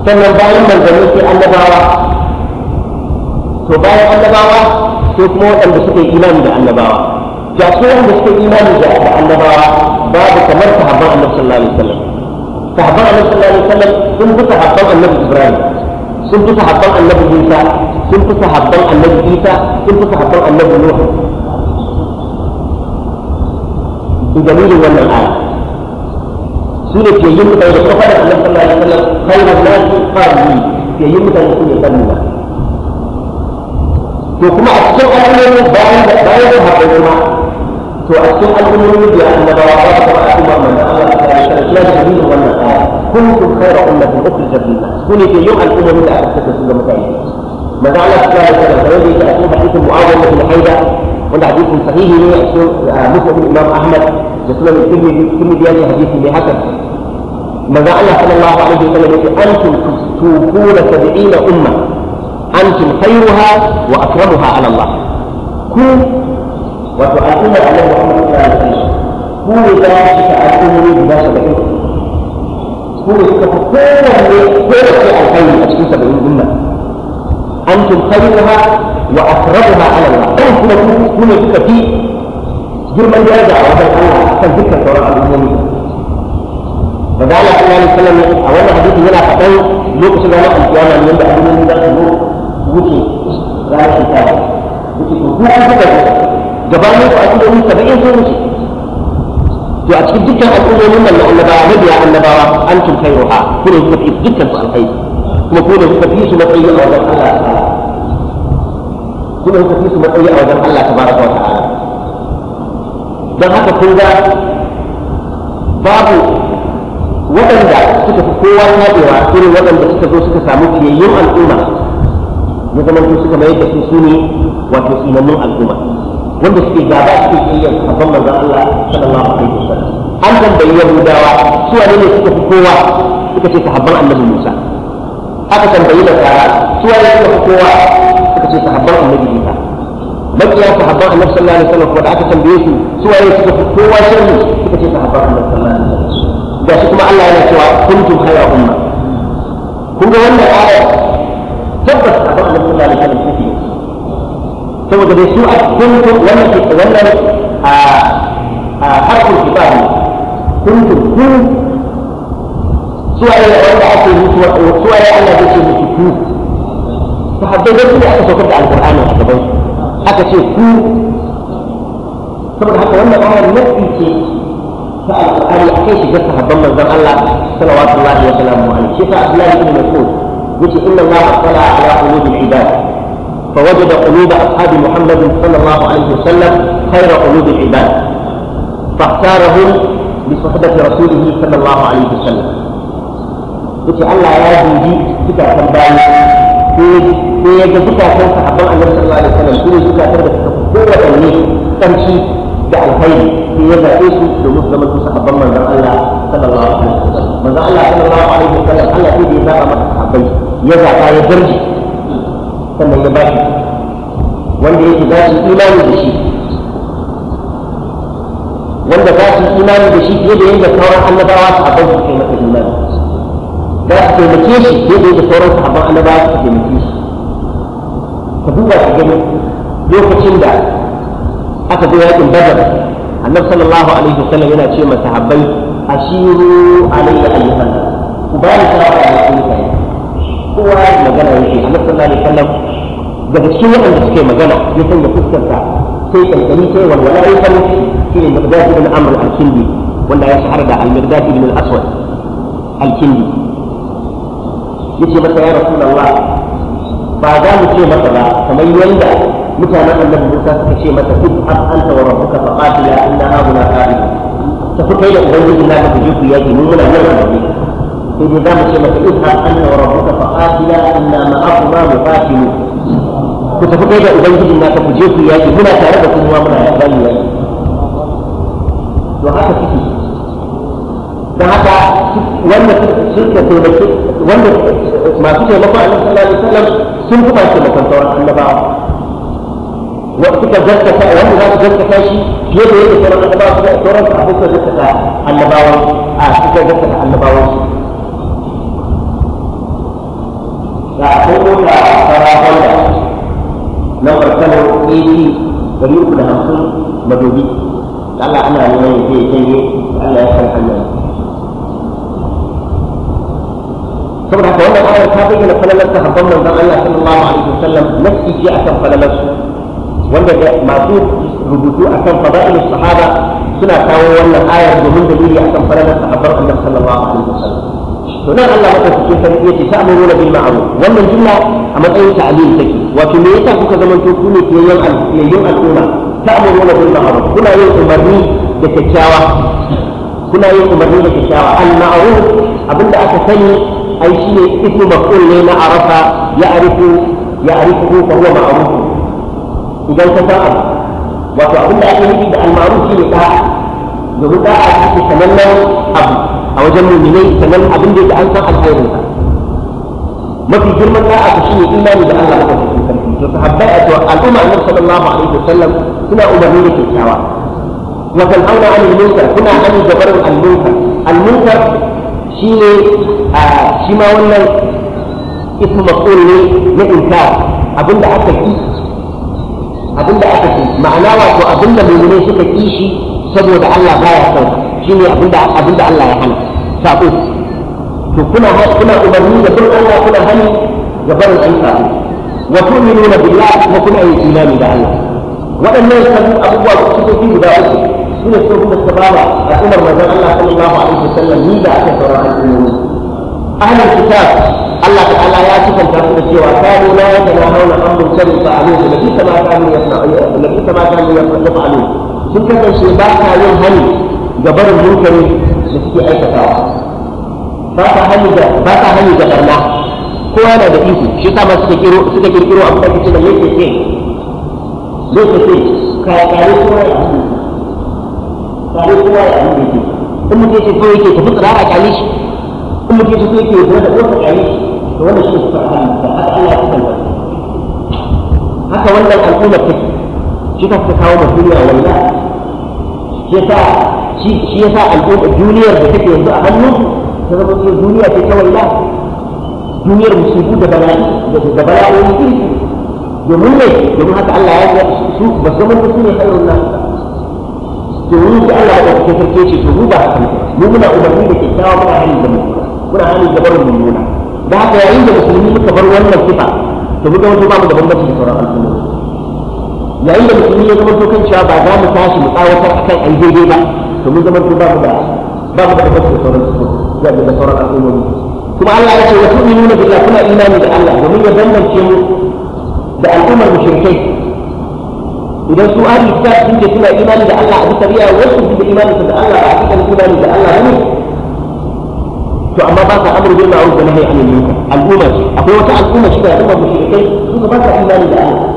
Speaker 1: sannan bayan manzanni sai annabawa to bayan annabawa to kuma waɗanda suka yi imani da annabawa ga su wanda suka yi imani da annabawa babu kamar sahabban annabi sallallahu alaihi wasallam sahabban annabi sallallahu alaihi wasallam sun fi sahabban annabi ibrahim sun fi sahabban annabi musa sun fi sahabban annabi isa sun fi sahabban annabi nuhu بدليل ولا الآية سورة يجب أن يقفل صلى الله عليه خير الناس قال لي يجب أن يكون يقلل وكما أتسوء الأمر بأن بأن هذا الماء فأتسوء الأمر بأن بواقات لا دليل ولا الآية كنتم خير أمة أخرجت للناس سورة أن سورة مكايدة ما جعل الله تعالى حديث معاوية بن حيدة ولا حديث صحيح آه، مسلم الإمام أحمد مثل كلمه دي كلمه دي يعني حديث دي هكذا ما جعلها صلى الله عليه وسلم يقول انتم توفون سبعين امه انتم خيرها واكرمها على الله كن وتؤتون على محمد صلى الله عليه وسلم كن ذلك تاتون بناس بكم كن تفكون بكل الخير تكون سبعين امه انتم خيرها واكرمها على الله انتم كن كن girman daraja a wajen Allah kan dukkan sauran abubuwan al'ummomi maza Allah sallallahu alaihi wasallam a wannan hadisi yana faɗan lokacin da ranar alkiyama ne da al'ummomi za su wuce ranar alkiyama wuce ko duk an saka gabanin ku a cikin wuce saba'in sun wuce to a cikin dukkan al'ummomin nan na annabawa mabiya annabawa an tun kai ruha ku ne kuka fi dukkan su alkhairi kuma ku ne kuka fi su matsayi a wajen Allah ta ku ne kuka fi su matsayi a wajen Allah ta ba wa ta'ala don haka kun ga babu waɗanda suka fi kowa taɗewa irin waɗanda suka zo suka samu fiyayyun al'umma ya zama su suka mayar da su su ne wato tsinannun al'umma wanda suke gaba suke kiyayen sabon manzan Allah sallallahu alaihi sallam an tambayi yahudawa su wane ne suka fi kowa suka ce sahabban annabi Musa aka tambayi da su wane suka fi kowa suka ce sahabban annabi Isa makiya sahabban annabi sallallahu alaihi wasallam kuma da aka tambaye su su waye suka fi kowa sharri suka ce sahabban annabi sallallahu alaihi wasallam gashi kuma Allah yana cewa kuntum khayra umma kun ga wannan aya tabbas sahabban annabi sallallahu alaihi wasallam suke saboda dai su a kuntum wannan wannan a a harkar kitabi kuntum kun suwaye wanda ake mutu suwaye Allah zai ce mutu ku sahabbai da su aka saukar da alqur'ani a gaban su aka ce ku saboda haka wannan ayar nafi ce ta alƙur'ani akai shigar sahabban manzon Allah sallallahu alaihi wa sallam shi ta Abdullahi ibn Mas'ud yace inna Allah qala ala qulubil ibad da قلوب أصحاب محمد صلى الله عليه وسلم خير قلوب العباد فاختارهم بصحبة رسوله صلى الله عليه وسلم. يقول الله يا بنتي كتاب ne ya ga zukatan sahabban annabi sallallahu alaihi wasallam su ne zukatan da suka da kowanne tsarki da alkhairi sai ya zaɓe su domin su zama su sahabban manzon Allah sallallahu alaihi wasallam manzon Allah sallallahu alaihi wasallam Allah sai ya zaɓa masa sahabbai ya zaɓa ya darji sannan ya ba shi wanda yake za shi imani da shi wanda ba shi imani da shi fiye da yadda sauran annabawa sahabbai su kai masa imani za su taimake shi fiye da yadda sauran sahabban annabawa su taimake ka duba ka gani lokacin da aka zo yakin badar annabi sallallahu alaihi wasallam yana ce masa habbai ashiru alayya ayyuhan ku bani shawara da kun kai kowa magana yake annabi sallallahu alaihi wasallam daga cikin waɗanda suke magana ya sanya fuskarsa sai kankani sai walwala ya sanu shi ne miqdad ibn amr al-kindi wanda ya shahara da al-miqdad ibn al-aswad al-kindi yace masa ya rasulullah ba za mu ce masa ba kamar yadda mutanen annabi Musa suka ce masa duk an anta wa rabbuka fa qatila inna hauna qali ta fi kai da ubangiji na ka kuje ku yaki mun muna nan da ni sai dai za mu ce masa duk an anta wa rabbuka fa qatila inna ma'akuma muqatilu ku tafi kai da ubangiji na ka kuje ku yaki muna tare da kuma muna yaki to haka kike dan haka wanda suka taimaki wanda masu taimakon annabi sallallahu alaihi wasallam sun kuma taimakon sauran annabawa wa suka gaskata wanda za su gaskata shi fiye da yadda sauran annabawa suka sauran sahabbai suka gaskata annabawa a suka gaskata annabawa da akwai mota fara wanda lambar kano ad dari uku da hamsin madobi Allah ana neman ya je ya janye Allah ya san hanyar saboda haka wannan ayar ta bayyana falalar sahabban manzon Allah sallallahu alaihi wasallam na ji akan falalar su wanda da masu rubutu akan fadailus sahaba suna kawo wannan ayar domin dalili akan falalar sahabban Annabi sallallahu alaihi wasallam to nan Allah maka cikin sarki yace ta'muruna bil ma'ruf wannan jumla a matsayin ta'lil take wato me yasa kuka zama to ku ke yin al'umma ta'muruna bil ma'ruf kuna yin umarni da kyakkyawa kuna yin umarni da kyakkyawa al-ma'ruf abinda aka sani ai shine ismu maf'ul ne na arafa ya arifu ya arifu fa huwa ma'ruf idan ka san wato abinda ake nufi da al-ma'ruf shine da'a domin da'a shi sanannen abu a wajen mu'minai sanan abin da yake an san alkhairin sa mafi girman da'a ta shine imani da Allah da sarki to sahabbai a to al'umma annabi sallallahu alaihi wasallam suna umarni da wa tanhauna kuna hanu da barin al shi ne a shi ma wannan ismu maf'ul ne na inkar abinda aka ki abinda aka ki ma'ana wato abinda mu'mini suka ki shi saboda Allah baya son shi ne abinda abinda Allah ya hana sabo to kuna kuna ubanni da bin Allah kuna hani ga barin an sabo wa tu'minuna billahi wa kuna yi imani da Allah wadannan sabu abubuwa su suke guda uku su ne sun suka bada a sunan manzon Allah sallallahu alaihi wasallam ni da aka sauran al'ummomi ahlul kitab Allah ta'ala ya sifanta su da cewa kanu la yatanahawna an munkarin da lafi kama kanu yasna'u lafi kama ba ka yin hani ga barin munkari da suke aikatawa ba ka hani ga ba ka hani ga barna kowa yana da iko shi sa ma kiro suka kirkiro abu da kace da yake ce yake ka kare kowa ba dai kowa ya abin da in mutum yake so yake tafi tsirara kyale shi in mutum yake so yake zama da ƙofa kyale shi to wannan shi ne suka hana da haka Allah ya kuka haka wannan al'ummar take shi ta fi kawo mafiya wallahi shi yasa shi al'ummar duniyar da take yanzu a hannu ta zama ce duniya ce ta wallahi duniyar musibu da bala'i da bala'o'i iri domin ne domin haka Allah ya su ba su zama su ne kairin nasu to ni sai Allah ya ɗauke sarki ce to mu ba haka mu muna umarni da kyakkyawa muna hali da mu muna hali da barin muna da haka yayin da musulmi suka bar wannan sifa to muka wato babu mu da bambanci da sauran al'ummomi yayin da musulmi ya zama kan cewa ba za mu tashi mu tsawatar a ai daidai ba to mun zama ba mu da ba mu da bambanci da sauran al'ummomi da sauran al'ummomi kuma Allah ya ce wa tu'minuna billahi kuna imani da Allah domin ya bambance mu da al'ummar mushrikai idan su ahli kitab sun ce suna imani da Allah a bisa riya wasu su da imani da Allah ba a cikin imani da Allah ne to amma ba ka amru bil ma'ruf da nahy anil munkar al'umma ce akwai wata al'umma shi da al'umma mushrikai su ba ka imani da Allah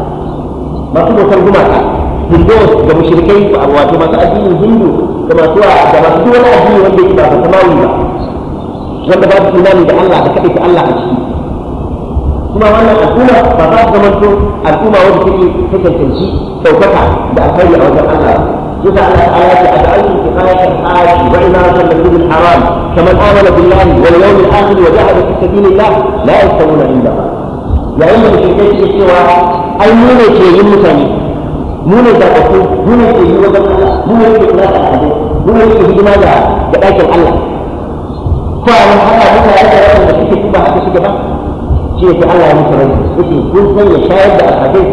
Speaker 1: masu dokar gumaka hindus da mushrikai wato masu addinin hindu da masu da masu wani addini wanda yake ba samawi ba wanda ba su imani da Allah da kaɗai Allah a ciki kuma wannan al'umma ba za ta zamanto al'umma wanda take ta cancanci ɗaukaka da alkhairi a wajen Allah جزء على آيات أجعلتم كفاية الحاج وإذا رجل المسجد الحرام كمن آمن بالله واليوم الآخر وجعل في سبيل الله لا يستوون عند الله yayin da mutum ya ce cewa ai mu ne ke yin mutane mu ne da ku mu ne ke yi wajen Allah mu ne ke kula da abu mu ne ke hidima da da dakin Allah ko a wani haka da yawa da suke kuma shi ne Allah ya musu rai yake kun san ya shayar da alhadai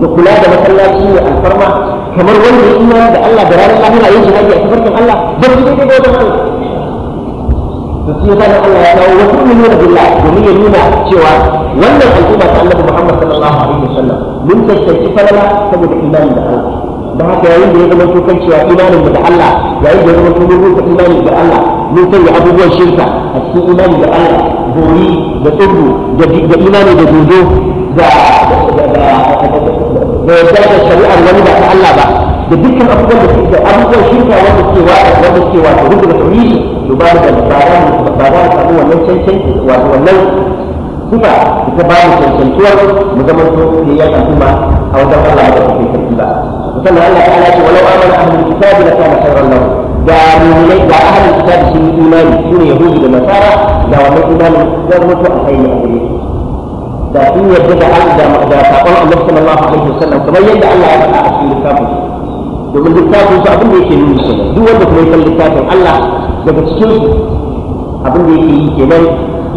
Speaker 1: da kula da masallaci ne alfarma kamar wanda ya iya da Allah da ranar lahira yin jihadi a tafarkin Allah ba su daidai da wajen Allah to shi yasa Allah ya kawo wasu min nuna billah domin ya nuna cewa wannan al'umma ta allah Muhammad sallallahu alaihi wasallam mun tantance falala saboda imani da Allah da haka yayin da ya zama to kan cewa imanin da Allah yayin da ya zama to mun imani da Allah mun sanya abubuwan shirka ko imani da Allah gori da tsoro da imani da dodo da da da shari'ar wani ba ta Allah ba da dukkan abubuwan da suke abubuwan shirka wanda suke wa wanda suke da rubu da tauhidi to ba da ba da ba da samu wannan cancanci wato wannan sifa ita ba mu cancantuwar mu zama to ke ya a wajen Allah da suke sarki ba sannan Allah ta'ala ce walau amana ahlul kitabi la kana da mu'minai da ahlul kitab sun yi imani shine yahudi da nasara da wannan imanin zan mutu a kai ne a gare da sun yarda da Allah da sakon Allah sallallahu alaihi wasallam kamar yadda Allah ya faɗa a cikin littafin domin littafin su abin da yake nuni kenan duk wanda kuma ya san littafin Allah daga cikin su abin da yake yi kenan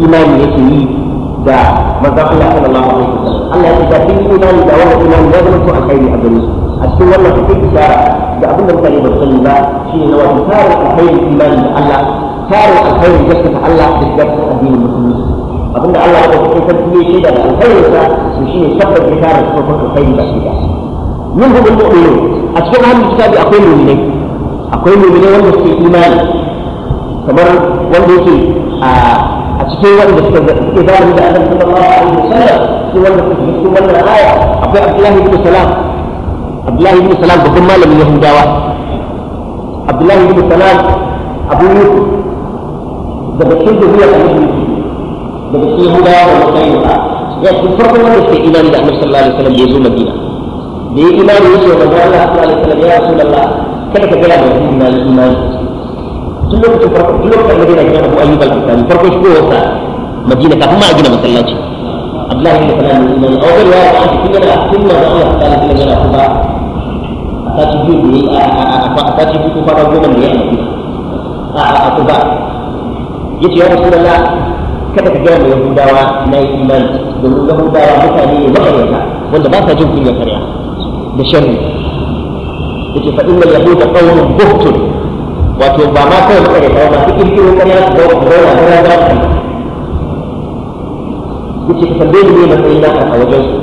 Speaker 1: imani yake yi da manzon Allah sallallahu alaihi wasallam Allah ya ce da imani da wannan imani ya zama to alkhairi a gare su a cikin wannan akwai ishara da abin da mutane ba su sani ba shi ne na wato tarin alkhairin imani da Allah tarin alkhairin gaskata Allah da gaskata addinin musulmi abinda Allah ya ce sarki ya shi da alkhairin sa to shine tabbata ya tarin sofin alkhairin ba shi da min hudun mu'minin a cikin hannun kitabi akwai mu'minai akwai mu'minai wanda suke imani kamar wanda yake a a cikin wanda suke da suke zalimi da Allah sallallahu alaihi wasallam cikin wanda suke cikin wannan aya akwai Abdullahi ibn Salam abdullahi ibn salam babban malamin yahudawa abdullahi ibn salam abu yusuf daga cikin da annabi daga cikin yahudawa da matsayin ba ya ci farko wanda sai imani da annabi sallallahu alaihi wasallam ya zo madina da ya imani ya ce wa manzo Allah sallallahu alaihi wasallam ya rasulullah kada ka gaya da mutum na imani tun lokacin farko tun lokacin da gina gidan Abu Ayyub al-Ansari farko shi ko sa madina kafin ma a gina masallaci Abdullahi ibn Salam ne imani a wajen ya ga cikin da cikin da Allah sallallahu alaihi wasallam yana kuma sati biyu da ya a sati biyu ko kwana goma da ya yi a ya ce ya rasu kada ka gaya da yahudawa na yi imani domin yahudawa mutane ne makaryata wanda ba sa jin kunya karya da sharri ya ce fa inna yahuda qawmun buhtun wato ba ma kawai makaryata ba su kirkiro karya su ga wani rawa da rawa ya ce ka tambaye ne matsayina a wajensu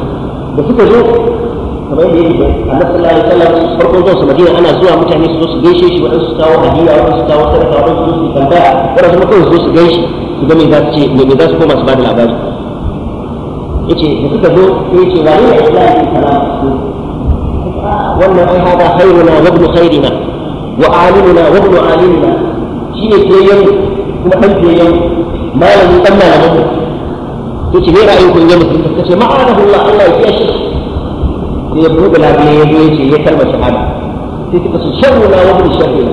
Speaker 1: da suka zo kamar yadda yake annabi sallallahu alaihi wasallam farkon zuwa madina ana zuwa mutane su zo su gaishe shi wadansu su kawo hadiya wadansu su kawo sadaka wadansu su tambaya wadansu kuma su zo su gaishe su ga me za su ce me za su koma su ba da labari yace da suka zo sai yace wani ne islam din
Speaker 2: salam wannan ai hada
Speaker 1: khairuna wa ibn khairina wa alimuna wa ibn alimina shine kiyayen kuma dan kiyayen malami dan malamin yace ne ra'ayin kun ya mutum ce ma'anahu Allah Allah ya kiyaye sai ya buɗe labiya ya zo ce ya kalmar shahada sai suka su sharru na wani sharri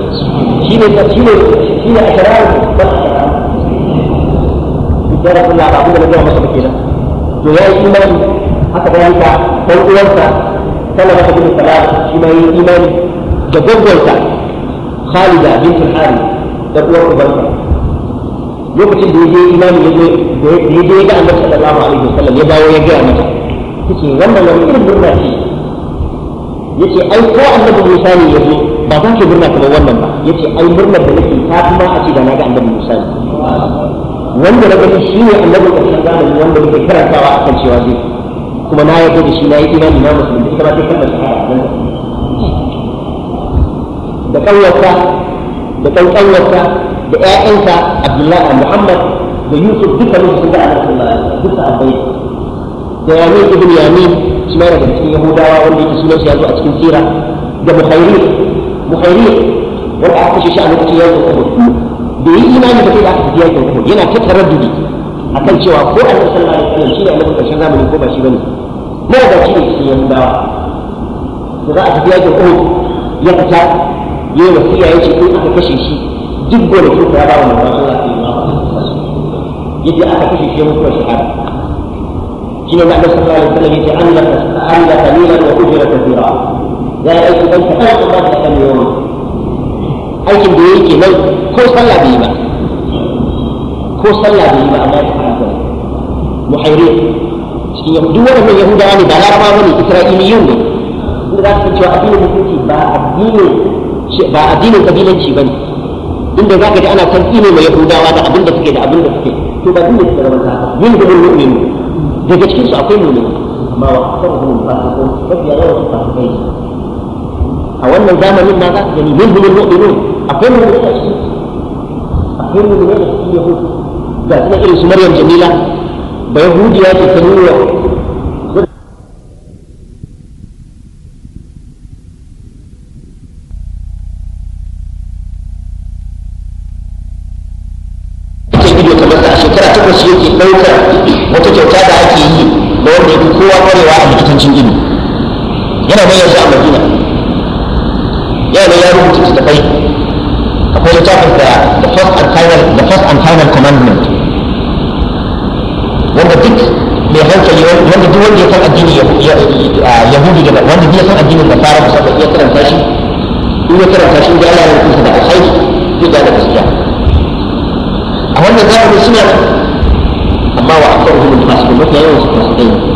Speaker 1: shi ne ta shi ne shi ne a shararar da ba da Allah ba kuma da gaba masa kenan to ya yi imani haka bayan ka ɗan uwansa kana masa gudun salama shi ma yi imani da gaggwarsa Khalida bint hali da uwar ubansa lokacin da ya je imani ya je ya ga Annabi sallallahu alaihi wasallam ya dawo ya ga mata kace wannan wani irin murna ce yace ai ko annabi Musa ne yake ba za ki murna kamar wannan ba yace ai murnar da nake ta kuma a ce da na ga annabi Musa ne wanda na gani shi ne annabi kan zamani wanda yake karantawa akan cewa zai kuma na yarda da shi na yi imani na musulmi kuma ba ta kalmar shahada da kanwarsa da kankanwarsa da ƴaƴansa Abdullahi Muhammad da Yusuf duka ne su ga Allah duka abai da Yamin ibn Yamin shi ma daga cikin yahudawa wanda yake sunan shi ya a cikin sira da muhairi muhairi wanda aka kashe shi a lokacin yankin ko da yi imani ba sai da aka tafi yankin uhud yana ta taraddudi akan cewa ko an sallallahu alaihi wasallam shi ne annabin karshen zamani ko ba shi bane na da shi ne cikin yahudawa to za a tafi yankin ko ya fita ya yi wasiya ya ce in aka kashe shi duk gonakin ka ya ba wa manzon Allah yadda aka kashe shi ya mutuwar shahada شنو بعد صلى الله عليه وسلم يجي عمل عمل قليلا واجر كثيرا ذا ايش انت انا قدرت كم يوم ايش اللي يجي من كو صلى به ما كو صلى به ما الله سبحانه محيرين cikin yahudu waɗannan yahudawa ne ba laraba ba ne isra'iliyun ne inda za su cewa addinin mutunci ba addinin ba addinin kabilanci ba ne inda za ka ji ana tarfi ne mai yahudawa da abin da suke da abin da daga cikinsu akwai mummuni amma wa aktsaruhum fasiqun mafiya yawan fasikai a wannan zamanin na za ka gani min hulul ne akwai mummuni a cikin akwai ne a cikin yahudu ga suna irin su maryam jamila ba yahudiya ce ta nuna yana nan yanzu a madina yana ya rubuta littafai akwai littafin da the first and final the first and final commandment wanda duk mai hankali wanda duk wanda ya san addini yahudi da wanda ya san addinin nasara musamman ya karanta shi in ya karanta shi da Allah ya da zai gane gaskiya a wannan zamanin suna amma wa akwai hukumar masu mafiya yawan su kan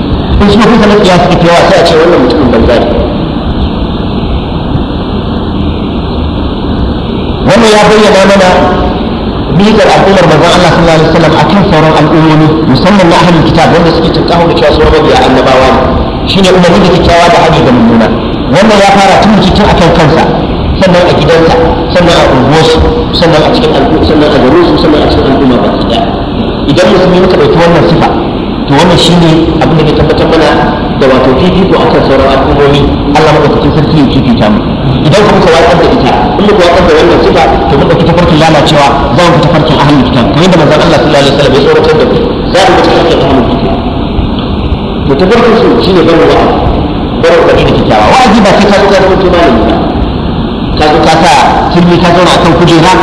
Speaker 1: ko su kuka na kiyasi ke kewa sai a ce wannan mutumin banza ne wannan ya bayyana mana bigar al'ummar manzon Allah sallallahu alaihi wasallam akan sauran al'ummomi musamman na ahlul kitab wanda suke tinkaho da cewa sauran mabiya annabawa ne shine umarni da kyakkyawa da hadi da mummuna wannan ya fara tun cikin akan kansa sannan a gidansa sannan a unguwarsu sannan a cikin sannan a garinsu sannan a cikin al'umma ba idan musulmi muka ɗauki wannan sifa to wannan shi ne abin da ke tabbatar mana da wato fifiko akan sauran al'ummomi Allah madaukakin sarki ya fifita mu idan ku kawai an da ita in muka wakar da wannan sifa to mun dauki tafarkin lalacewa za mu tafarkin ahlul kitab kamar da manzon Allah sallallahu alaihi wasallam ya tsoratar da ku za mu
Speaker 2: tafarkin ahlul kitab
Speaker 1: to tafarkin su shine barin wa'a barin da kyakkyawa wa'azi ba sai ka zo ka zama ne ka ka zo ka sa kirmi ka zauna kan kujera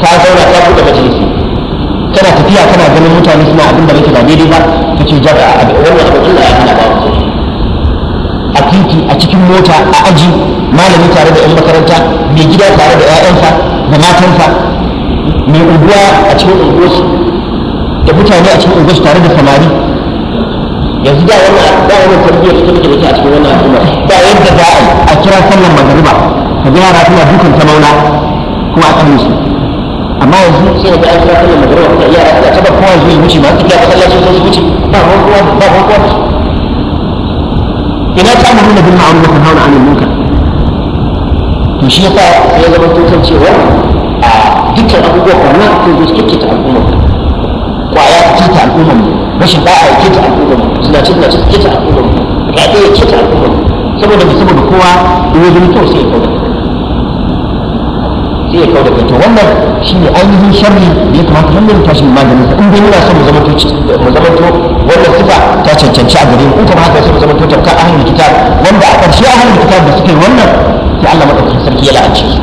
Speaker 1: ka zauna ka buɗe majalisi kana tafiya kana ganin mutane suna abin da nake ba daidai ba ka ce jaga wannan abin Allah ya hana ba a titi a cikin mota a aji malami tare da 'yan makaranta mai gida tare da 'ya'yansa da matansa mai unguwa a cikin unguwarsu da mutane a cikin unguwarsu tare da samari yanzu da wannan da wannan tarbiyyar ta take da a cikin wannan al'umma ba yadda za a kira sallan magariba ka ga yara suna dukan ta mauna kuma a kan musu amma yanzu sai da an kira sallar magariba ta iya da kabar kuma yanzu wuce ma ta iya masallaci ko su wuce ba ruwan ruwa ba ruwan ruwa ina ta amuru na bin ma'arufa kan hauna anil munka to shi yasa sai ya zama tutar cewa a dukkan abubuwa kwana sun su suke ta al'ummar kwaya ta ta al'ummar mu rashin ba a yi ta al'ummar mu tunace tunace ta al'ummar mu raɗe ya ta al'ummar mu saboda saboda kowa in ya zama sai ya kawai sai ya kawo da kai wannan shi ne ainihin sharri da ya kamata tun da tashin maganin in dai muna son mu zamanto mu zamanto wannan sifa ta cancanci a gare mu kuma haka sai mu zama zamanto tafka ahlul kitab wanda a ƙarshe ahlul kitab da suke wannan sai Allah madaukakin sarki ya la'anci su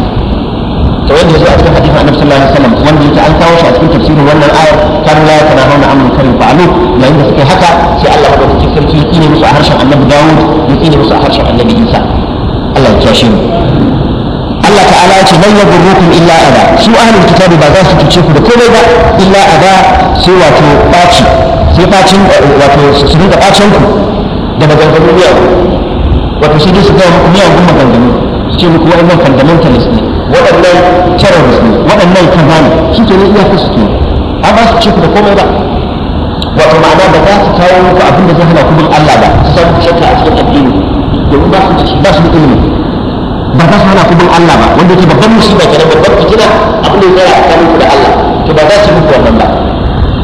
Speaker 1: to wanda ya zo a cikin hadisin annabi sallallahu alaihi wasallam wanda yake an kawo shi a cikin tafsirin wannan ayar kan la kana hauna amrun karim fa'alu yayin da suke haka sai Allah madaukakin sarki ya kine musu a harshen annabi Dawud ya kine musu a harshen annabi Isa Allah ya kiyashe mu Allah ta'ala ya ce lan yadurrukum illa ada su ahlul kitabi ba za su cuce ku da komai ba illa ada sai wato baci sai bacin wato su dinga bacin ku da maganganu ne wato sai dai su gaya muku miyagun maganganu su ce muku waɗannan fundamentalist ne waɗannan terrorist ne waɗannan kaza ne shi ke ne iyakar su ke an ba su ce ku da komai ba wato ma'ana ba za su kawo muku abin da zai hana ku bin Allah ba su samu shakka a cikin addini domin ba su da ilimi ba za su hana ku bin Allah ba wanda ke babban musiba ke nan babban fitina abin da ya tsaya tsakanin ku da Allah to ba za su muku wannan ba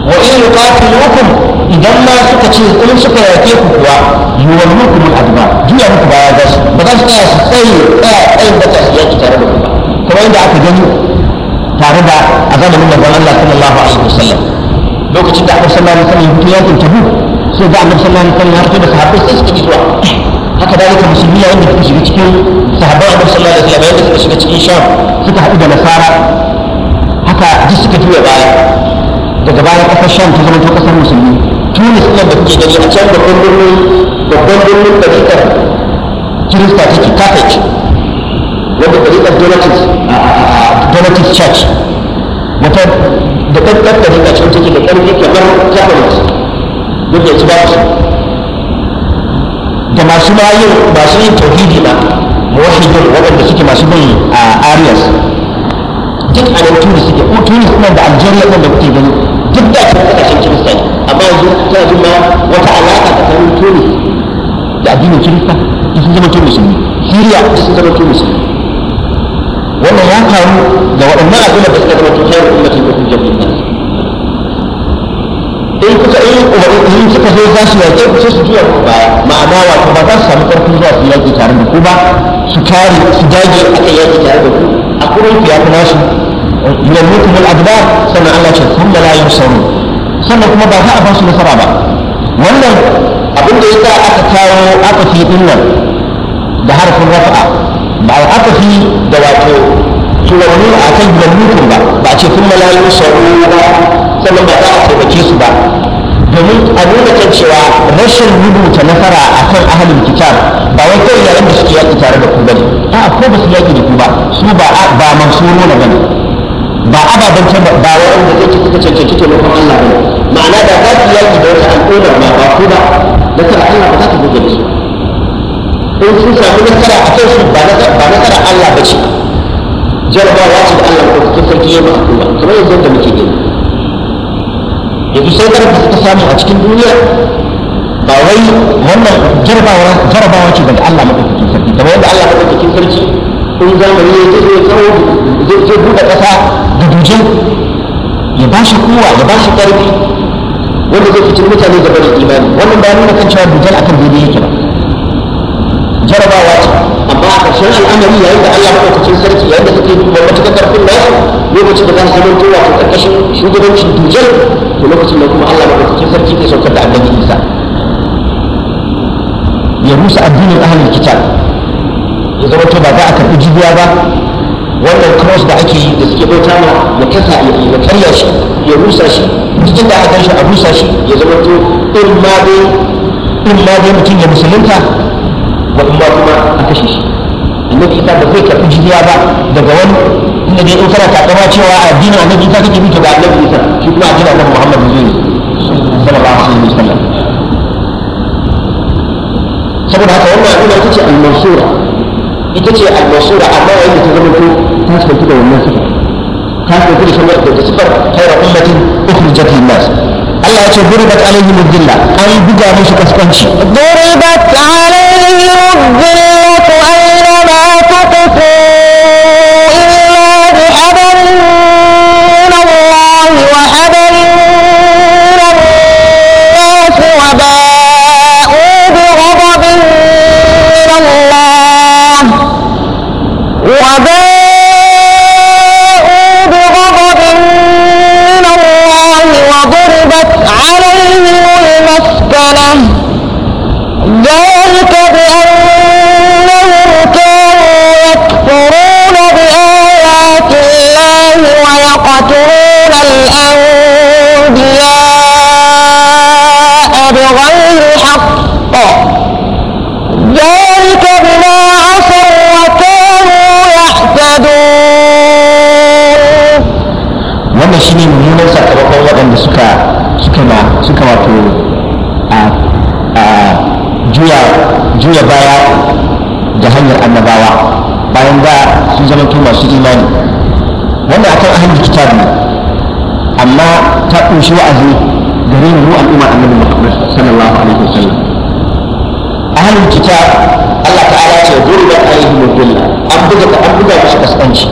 Speaker 1: wa in yuqatilukum idan ma suka ce in suka yake ku kuwa yuwallukum al-adbar jiya muku baya za su ba za su tsaya su tsaye tsaya tsayin da su yaki tare da ku ba kamar yadda aka gani tare da a zamanin manzon Allah sallallahu alaihi wasallam lokacin da aka sallallahu alaihi wasallam ya fito yakin tabuk sai da annabi sallallahu alaihi wasallam ya fito da sahabbai sai suka ji zuwa haka dalika musulmi yayin da suka shiga cikin sahabban annabi sallallahu alaihi wasallam yayin da suka shiga cikin sham suka haɗu da nasara haka ji suka juya baya daga baya kasar sham ta zama kasar musulmi tunis nan da kuke gani a can da birnin babban birnin da kika kirista take carthage wanda ɗariƙar donatis donatis church wata da ɗaɗɗar ɗariƙa ce take da ƙarfi kamar catholics ci ba su da masu mayin masu yin tauhidi ba muwahidin waɗanda suke masu bayi a arias duk a yau tunis suke ko tunis nan da algeria wanda kuke gani duk da ke kasashen kirista ne amma yanzu ta jin ma wata alaƙa da yi tunis da addinin kirista sun zama tun ne siriya sun zama tun ne wannan ya faru ga waɗannan al'ummar da suka zama tun kayan ummatin kofin jami'in nasu in suka zo za su yaƙe sai su juya baya ma'ana wato ba za su samu ƙarfin zuwa su yaƙi tare da ku ba su kare su dage aka yaƙi tare da ku a kurin ya fi nasu yanzu kuma al'adba sannan Allah ce kun da layin sauri sannan kuma ba za a ba su nasara ba wannan abin da ya sa aka kawo aka fi ɗin nan da harfin rafa'a ba aka fi da wato tunanin a kan yanzu ba ba ce kun da layin sauri ba sannan ba za a taimake su ba domin a nuna kan cewa rashin rubuta nasara a kan ahalin kitab ba wai kawai yaran da suke yaki tare da ku bane a ko ba su yaki da ku ba su ba ba mansuru na bane ba ababen ba ba wanda zai kika cancanci lokacin Allah ba. ma'ana da za ki yaki da wata al'umma ma ba ku ba nasara Allah ba za ta buge su in sun samu nasara a kan su ba nasara Allah ba ce jarabawa ce da Allah ko kuka kike ba ku ba kamar yadda muke gani yanzu sautar da suka samu a cikin duniya ba wai wannan jarabawa jarabawa ce daga Allah madaukakin sarki kamar yadda Allah madaukakin sarki in zamani ya zai tsawo zai buɗe ƙasa da duje ya ba shi kowa ya ba shi ƙarfi wanda zai fitar mutane da bari imani wannan ba nuna kan cewa dujal akan daidai yake ba jarabawa amma a ƙarshen al'amari yayin da Allah maɗaukacin sarki yayin da suke duba matuƙa ƙarfin nasu lokacin da za su zama kowa ta ƙarƙashin shugabancin dujal to lokacin da kuma Allah maɗaukacin sarki zai saukar da annabi Isa ya rusa addinin ahalin kitab ya zama to ba za a karɓi jibiya ba wannan cross da ake yi da suke bauta ma ya kasa ya karya shi ya rusa shi duk inda aka shi a rusa shi ya zama to in ma dai in ma dai mutum ya musulunta wa in ba kuma a kashe shi annabi isa ba zai karɓi jizya ba daga wani inda dai in kana takama cewa addinin annabi isa kake bita ga annabi isa shi kuma addinin annabi muhammad zai sallallahu alaihi wasallam saboda haka wannan al'umma ita ce al-mansura ita ce al-mansura amma yayin ta zama ko ta tafi da wannan sifa ta tafi da shamar da sifar khairu ummatin ukhrijat lin-nas Allah ya ce duribat alaihim
Speaker 3: ad-dilla an buga musu kaskanci duribat alaihim يرد الوقت أينما تقفوا
Speaker 1: hanyar baya da hanyar annabawa bayan da sun zama to masu imani wannan akan ahlul kitab ne amma ta kunshi wa'azi gare mu al'umma annabi Muhammad sallallahu alaihi wasallam ahlul kitab Allah ta'ala ce gurbat alaihim dunya an buga an buga musu kaskanci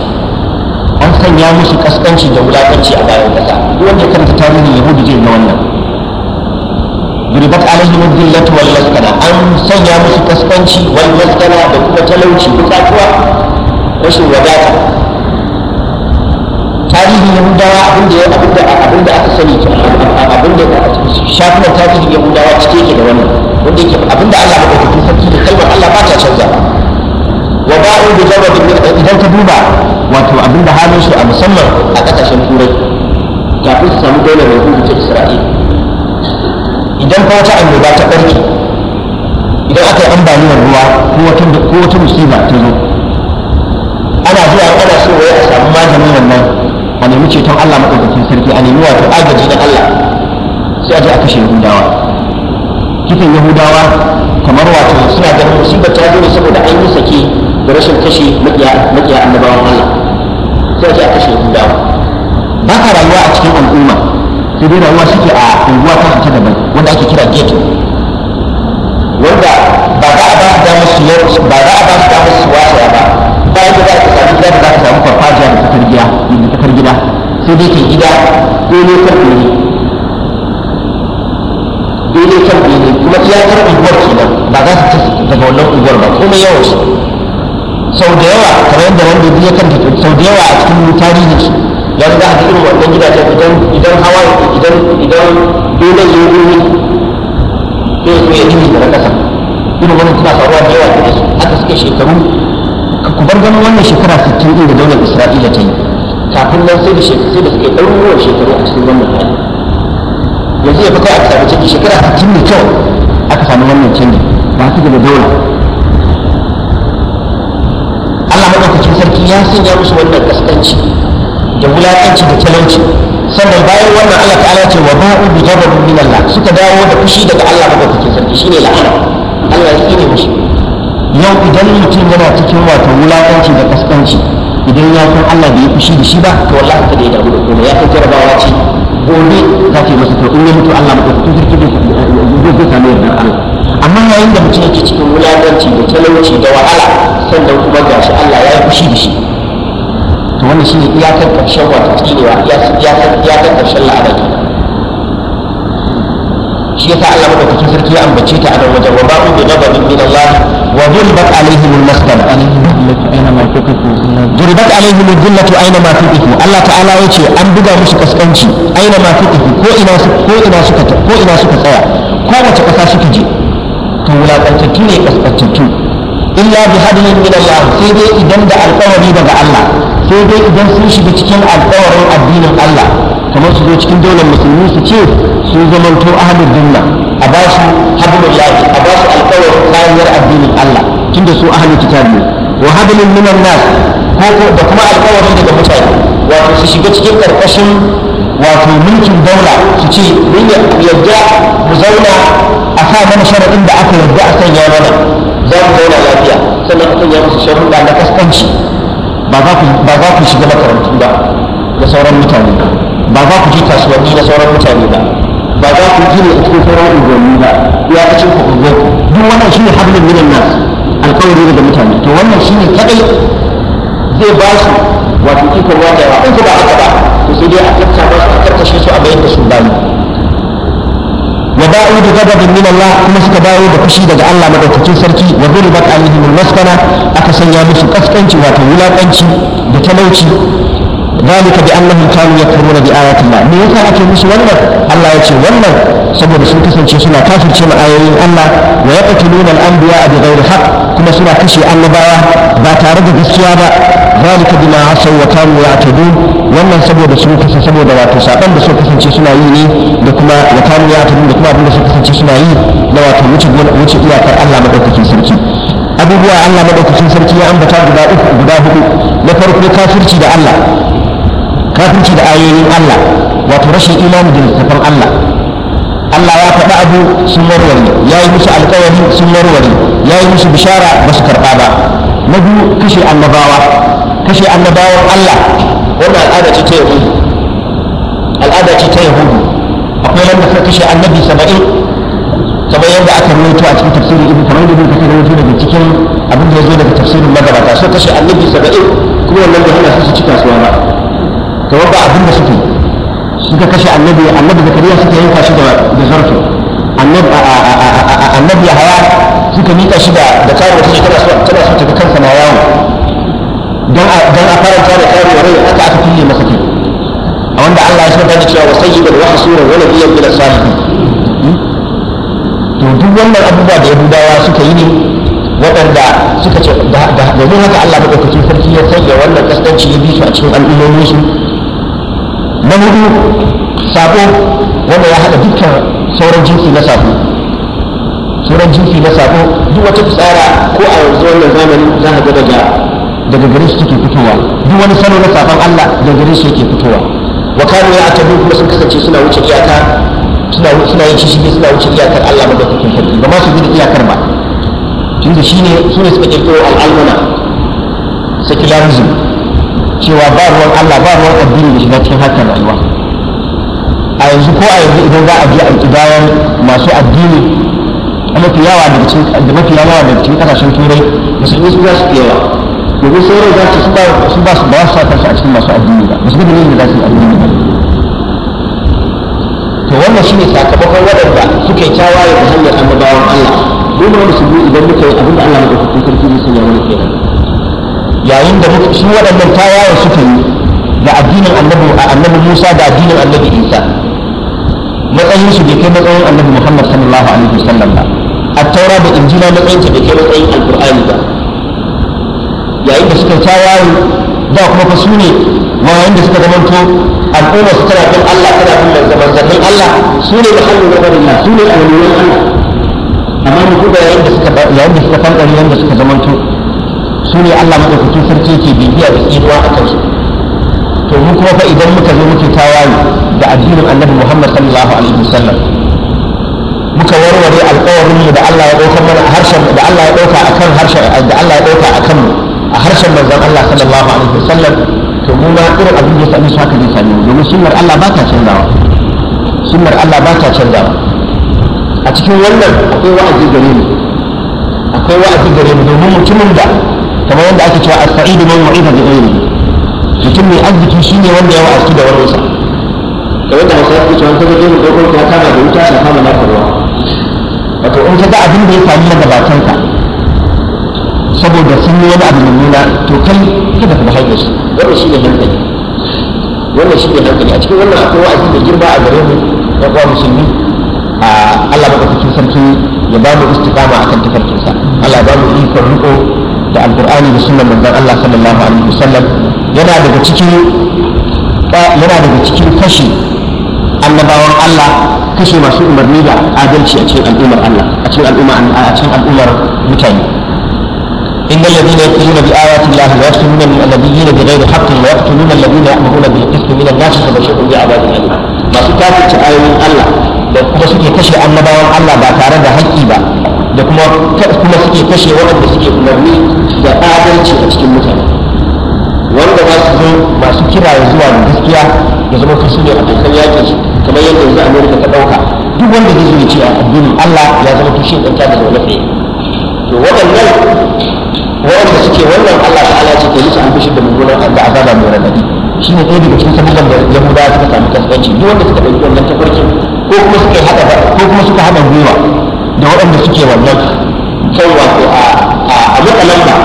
Speaker 1: an sanya musu kaskanci da wulakanci a bayan kasa duk wanda ya karanta tarihin yahudi zai ga wannan duribat alaihim dhillatu wal maskana an sanya musu kaskanci wal maskana da kuma talauci bukatuwa rashin wadata tarihi yahudawa abinda ya abinda abinda aka sani abinda shafunan tarihi yahudawa cike yake da wannan wanda yake abinda Allah ba ta sarki da kalmar Allah ba ta canza wa ba'u bi ghadabin idan ta duba wato abinda halin shi a musamman a kasashen turai kafin su samu dole mai hukunci Isra'ila idan fa wata annoba ta ɓarke, idan aka yi ambaliyar ruwa ko wata musiba ta zo ana zuwa ana so wai a samu maganin wannan a nemi ceton Allah maɗaukakin sarki a nemi wato agaji da Allah sai a je a kashe Yahudawa kifin Yahudawa kamar wato suna ganin musibar ta zo saboda
Speaker 2: an yi sake da rashin kashe maƙiya annabawan Allah sai a je a kashe Yahudawa
Speaker 1: ba ka rayuwa a cikin al'umma sai dai rayuwa suke a unguwa ta fita daban wanda ake kira gate wanda ba za a ba su damar su yau ba za a ba su damar su wasa ba ba yadda za a samu gida da za ka samu farfajiya da tsakar gida da tsakar gida sai dai ke gida dole kan dole dole kan dole kuma iyakar unguwar kenan ba za su tafi daga wannan unguwar ba komai yawan su sau da yawa kamar yadda wanda ya kanta sau da yawa a cikin tarihin su don za a ga irin wannan gidajen idan idan hawa idan idan dole ya wuri sai su yi nimi da kasa irin wannan suna faruwa da yawa da su aka suke shekaru ku bar ganin wannan shekara 60 din da daular Isra'ila ta yi kafin nan sai da shekaru sai da suke ɗaruruwan shekaru a cikin wannan hali yanzu ya fi kai a samu canji shekara 60 ne kyau aka samu wannan canji ba su da dole Allah cikin sarki ya sanya musu wannan kaskanci da wulakanci da talauci sannan bayan wannan Allah ta'ala ce wa ba'u bi jabal min Allah suka dawo da fushi daga Allah madaukakin sarki shine la'ana Allah ya tsine musu yau idan mutum yana cikin wato wulakanci da kaskanci idan ya san Allah bai fushi da shi ba to wallahi ta da ya damu da komai ya san jarabawa ce gobe za ta yi masa to in ya mutu Allah madaukakin sarki zai samu yardar Allah amma yayin da mutum yake cikin wulakanci da talauci da wahala sannan kuma gashi Allah ya yi fushi da shi to wannan shine iyakar karshen wato tsinewa iyakar karshen la'ana ke shi yasa Allah madaukakin sarki ya bace ta a nan wajen wa ba'u bi ghadabin min Allah wa durbat alaihim al-maskan durbat a al-dhillatu aina ma tuqifu Allah ta'ala yace an buga musu kaskanci aina ma tuqifu ko ina su ko ina suka ko ina suka tsaya ko wace kasa suka je to wulakantattu ne kaskantattu illa bi hadin min Allah sai dai idan da alƙawari daga Allah sai dai idan sun shiga cikin alƙawarin addinin Allah kamar su zo cikin daular musulmi su ce su zamanto ahlul dinna a ba su hablullahi a ba su alƙawarin tsayuwar addinin Allah tunda su ahlul kitab wa hablun min nas ko da kuma alƙawarin daga mutane wato su shiga cikin ƙarƙashin wato mulkin daula su ce mun yarda mu zauna a sa mana sharaɗin da aka yarda a sanya mana za ku zauna lafiya sannan a sanya musu sharuɗa na kaskanci ba za ku shiga makarantu ba da sauran mutane ba za ku ji kasuwanni da sauran mutane ba ba za ku gina a cikin sauran unguwanni ba ya kacin ku unguwanku duk wannan shi ne hablin minan nas alkawari daga mutane to wannan shi ne kadai zai ba su wato ikon wata yawa in ku ba aka ba to sai dai a tattara su a karkashe su a bayan da su bayi wa ba'u bi ghadabin min Allah kuma suka dawo da fushi daga Allah madaukakin sarki wa duribat alaihim maskana aka sanya musu kaskanci wato wulakanci da talauci ذلك بأنهم كانوا يكفرون بآيات الله me yasa ake musu wannan Allah ya ce wannan saboda sun kasance suna kafirce ma Allah wa بغير حق كما bi ghairi haqq kuma suna kashe annabawa ba tare da gaskiya ba zalika bima asaw wa kanu ya'tadun wannan saboda sun kasa saboda wato saban da suka kasance suna yi ne da kuma wa kanu ya'tadun da kuma iyakar Allah abubuwa Allah madaukakin sarki ya ambata guda uku guda hudu na farko kafirci da Allah kafirci da ayoyin Allah wato rashin imani da littafin Allah Allah ya faɗa abu sun warware ya yi musu alƙawari sun warware ya yi musu bishara ba su karɓa ba na biyu kashe annabawa kashe annabawan Allah wannan al'ada ce ta yahudu al'ada ce ta yahudu akwai wanda ka kashe annabi saba'in kamar yadda aka rubuto a cikin tafsirin ibn kamar yadda kake rubuto daga cikin abin da ya zo daga tafsirin magabata so kashe annabi saba'in kuma wannan da hana su su ci kasuwa ba kamar ba abin da suke suka kashe annabi annabi zakariya suka yanka shi da zarto annabi ya hawa suka mika shi da da karo shi tana so ta ga kansa na yawo dan a faranta da karo rai aka aka kulle masa kai a wanda Allah ya sanar da cewa wa sayyidan wa hasuran wa nabiyyan ila hmm? to duk wannan abubuwa da yahudawa suka yi ne waɗanda suka ce domin haka Allah sarki ya sanya wannan ya bi su a cikin al'ummomin su na hudu sabo wanda ya haɗa dukkan sauran jinsi na sako sauran jinsi na sako duk wata tsara ko a yanzu wannan zamani za a ga daga daga gare su take fitowa duk wani salo na safan Allah daga gare su yake fitowa wa kanu ya atabi kuma sun kasance suna wuce iyaka suna suna yin shi suna wuce iyakar Allah ba da take ba ma su bi iyakar ba tunda shine sune suka kirkiro al'amuna. secularism cewa ba ruwan Allah ba ruwan addini da shiga cikin harkar rayuwa a yanzu ko a yanzu idan za a je a kidayan masu addini a mafi yawa daga cikin da mafi yawa daga cikin kasashen turai musulmi su za su iya yawa domin sai rai za su ba su ba su ba su sa kansu a cikin masu addini ba musu ne da za su yi addini ba to wannan shine sakamakon waɗanda suke tawaye da hanyar annabawan Allah dole wanda su idan muka yi abin da Allah ya ɗauki sarki ne sun yawo ne kenan yayin da su waɗannan tawayen suka yi da addinin annabi annabi Musa da addinin annabi Isa matsayin su da kai matsayin annabi Muhammad sallallahu alaihi wasallam ba at-taura da injila matsayin ta da kai matsayin alqur'ani ba yayin da suka tawaye da kuma fa su ne yayin da suka zamanto al'umma su tana bin Allah tana bin manzannin Allah su ne da hannun gaban su ne da wani Allah amma mu duba yayin da suka yayin da suka fankare yayin da suka zamanto su ne Allah maɗaukakin sarki ke bibiya da tsinuwa a kansu to mu kuma fa idan muka zo muke tawaye da addinin annabi Muhammad sallallahu alaihi wasallam muka warware alƙawarin mu da Allah ya ɗauka mana a harshen da Allah ya ɗauka kan harshen da Allah ya ɗauka akan mu a harshen manzon Allah sallallahu alaihi wasallam to mu ma irin abin da ya sami haka ne sami domin sunnar Allah ba ta canzawa sunnar Allah ba ta canzawa a cikin wannan akwai wa'azi gare mu akwai wa'azi gare mu domin mutumin da kamar yadda ake cewa as-sa'idu man wa'iza bi ghairihi mutum mai arziki shine wanda ya wa'azi da wani sa kamar da Hausa yake cewa kaga gemu dokon ka kama da wuta ta kama na ruwa wato in ka ga abin da ya faru na gabatan ka saboda sun yi wani abu mummuna to kai kada ka bahaibe shi wannan shine hankali wannan shine hankali a cikin wannan akwai wa'azi da girma a gare mu na kwa musulmi a Allah madaukakin sarki ya ba mu istiqama akan tafarkinsa Allah ya ba mu ikon riko da alkur'ani da sunan manzon Allah sallallahu alaihi wasallam yana daga cikin yana daga cikin kashi annabawan Allah kashi masu umarni da adalci a cikin al'ummar Allah a cikin al'umma a cikin al'ummar mutane إن الذين يكفرون بآيات الله ويقتلون من النبيين بغير حق ويقتلون الذين يأمرون بالقسط من الناس فبشرهم بعذاب أليم. ما سكاتت آيات الله da kuma suke kashe annabawan Allah ba tare da haƙƙi ba da kuma kuma suke kashe waɗanda suke umarni adalci a cikin mutane wanda za su zo masu kira zuwa da gaskiya da zama kasu ne abokan yakin su kamar yadda yanzu amerika ta ɗauka duk wanda zai zo ya a addinin allah ya zama tushe ɗan ta da zaune tsaye to waɗannan waɗanda suke wannan allah ala ce ke yi an fushi da mummunan da azaba mai raɗaɗi shi ne ɗaya daga cikin sabukan da yahudawa suka sami kaskanci duk wanda suka ɗauki wannan tafarkin ko kuma suka haɗa ko kuma suka haɗa gwiwa da waɗanda suke wannan kan wato a matsalan ba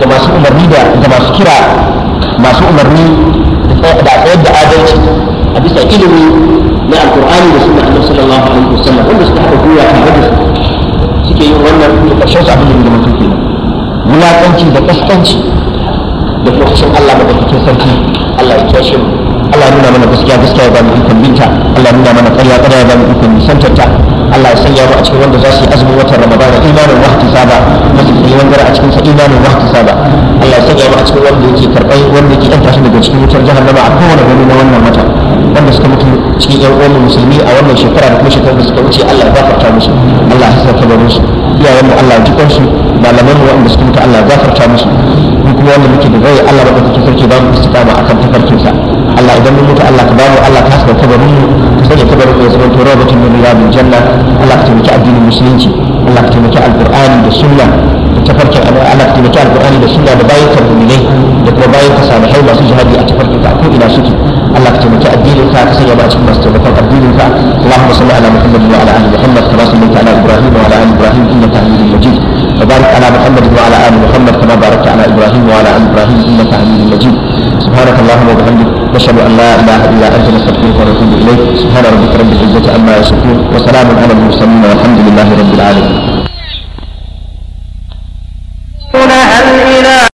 Speaker 1: ga masu umarni da ga masu kira masu umarni da tsayar da adalci a bisa ilimi na alkur'ani da suna annabi sallallahu alaihi wasallam wanda suka haɗa gwiwa a da su suke yin wannan da ƙarshen su abin da mutum ke kenan munafanci da kaskanci da lokacin Allah madaukakin sarki Allah ya kyashe mu Allah nuna mana gaskiya gaskiya ya ba mu ikon binta Allah nuna mana ƙarya ƙarya ya ba mu ikon nisantarta Allah ya sanya mu a cikin wanda za su yi azumin watan Ramadan imanin wahti saba musu yi wanda a cikin sa imanin wahti saba Allah ya sanya mu a cikin wanda yake karɓai wanda yake ɗanta shi daga cikin wutar jahannama a kowane gani na wannan wata wanda suka mutu cikin ƴan uwan musulmi a wannan shekara da kuma shekarar da suka wuce Allah ya gafarta musu Allah ya hasa kabarin su iyayen mu Allah ya ji kansu malaman mu wanda suka mutu Allah ya gafarta musu mu kuma wanda muke da zai Allah baka kike sarki ba mu istiqama akan tafarkin sa Allah idan mun mutu Allah ka ba mu Allah ka saka kabarin mu ka sanya kabarin mu ya zama toro batun mu ya bin janna Allah ka taimaki addinin musulunci Allah ka taimaki alqur'ani da sunna da tafarkin Allah ka taimaki alqur'ani da sunna da bayin karbuminai da kuma bayin ka salihai masu jihadi a tafarkin ka ko ila suke Allah ka taimaki addinin ka ka sanya ba cikin masu taimakon addinin ka Allahumma salli ala Muhammad wa ala ali Muhammad kama sallaita ala Ibrahim wa ala ali Ibrahim innaka Hamidum Majid وبارك على محمد وعلى آل محمد كما باركت على إبراهيم وعلى آل إبراهيم إنك حميد مجيد سبحانك اللهم وبحمدك نشهد أن لا إله إلا أنت نستغفرك ونتوب إليك سبحان ربك رب العزة عما يصفون وسلام
Speaker 2: على المرسلين والحمد لله رب العالمين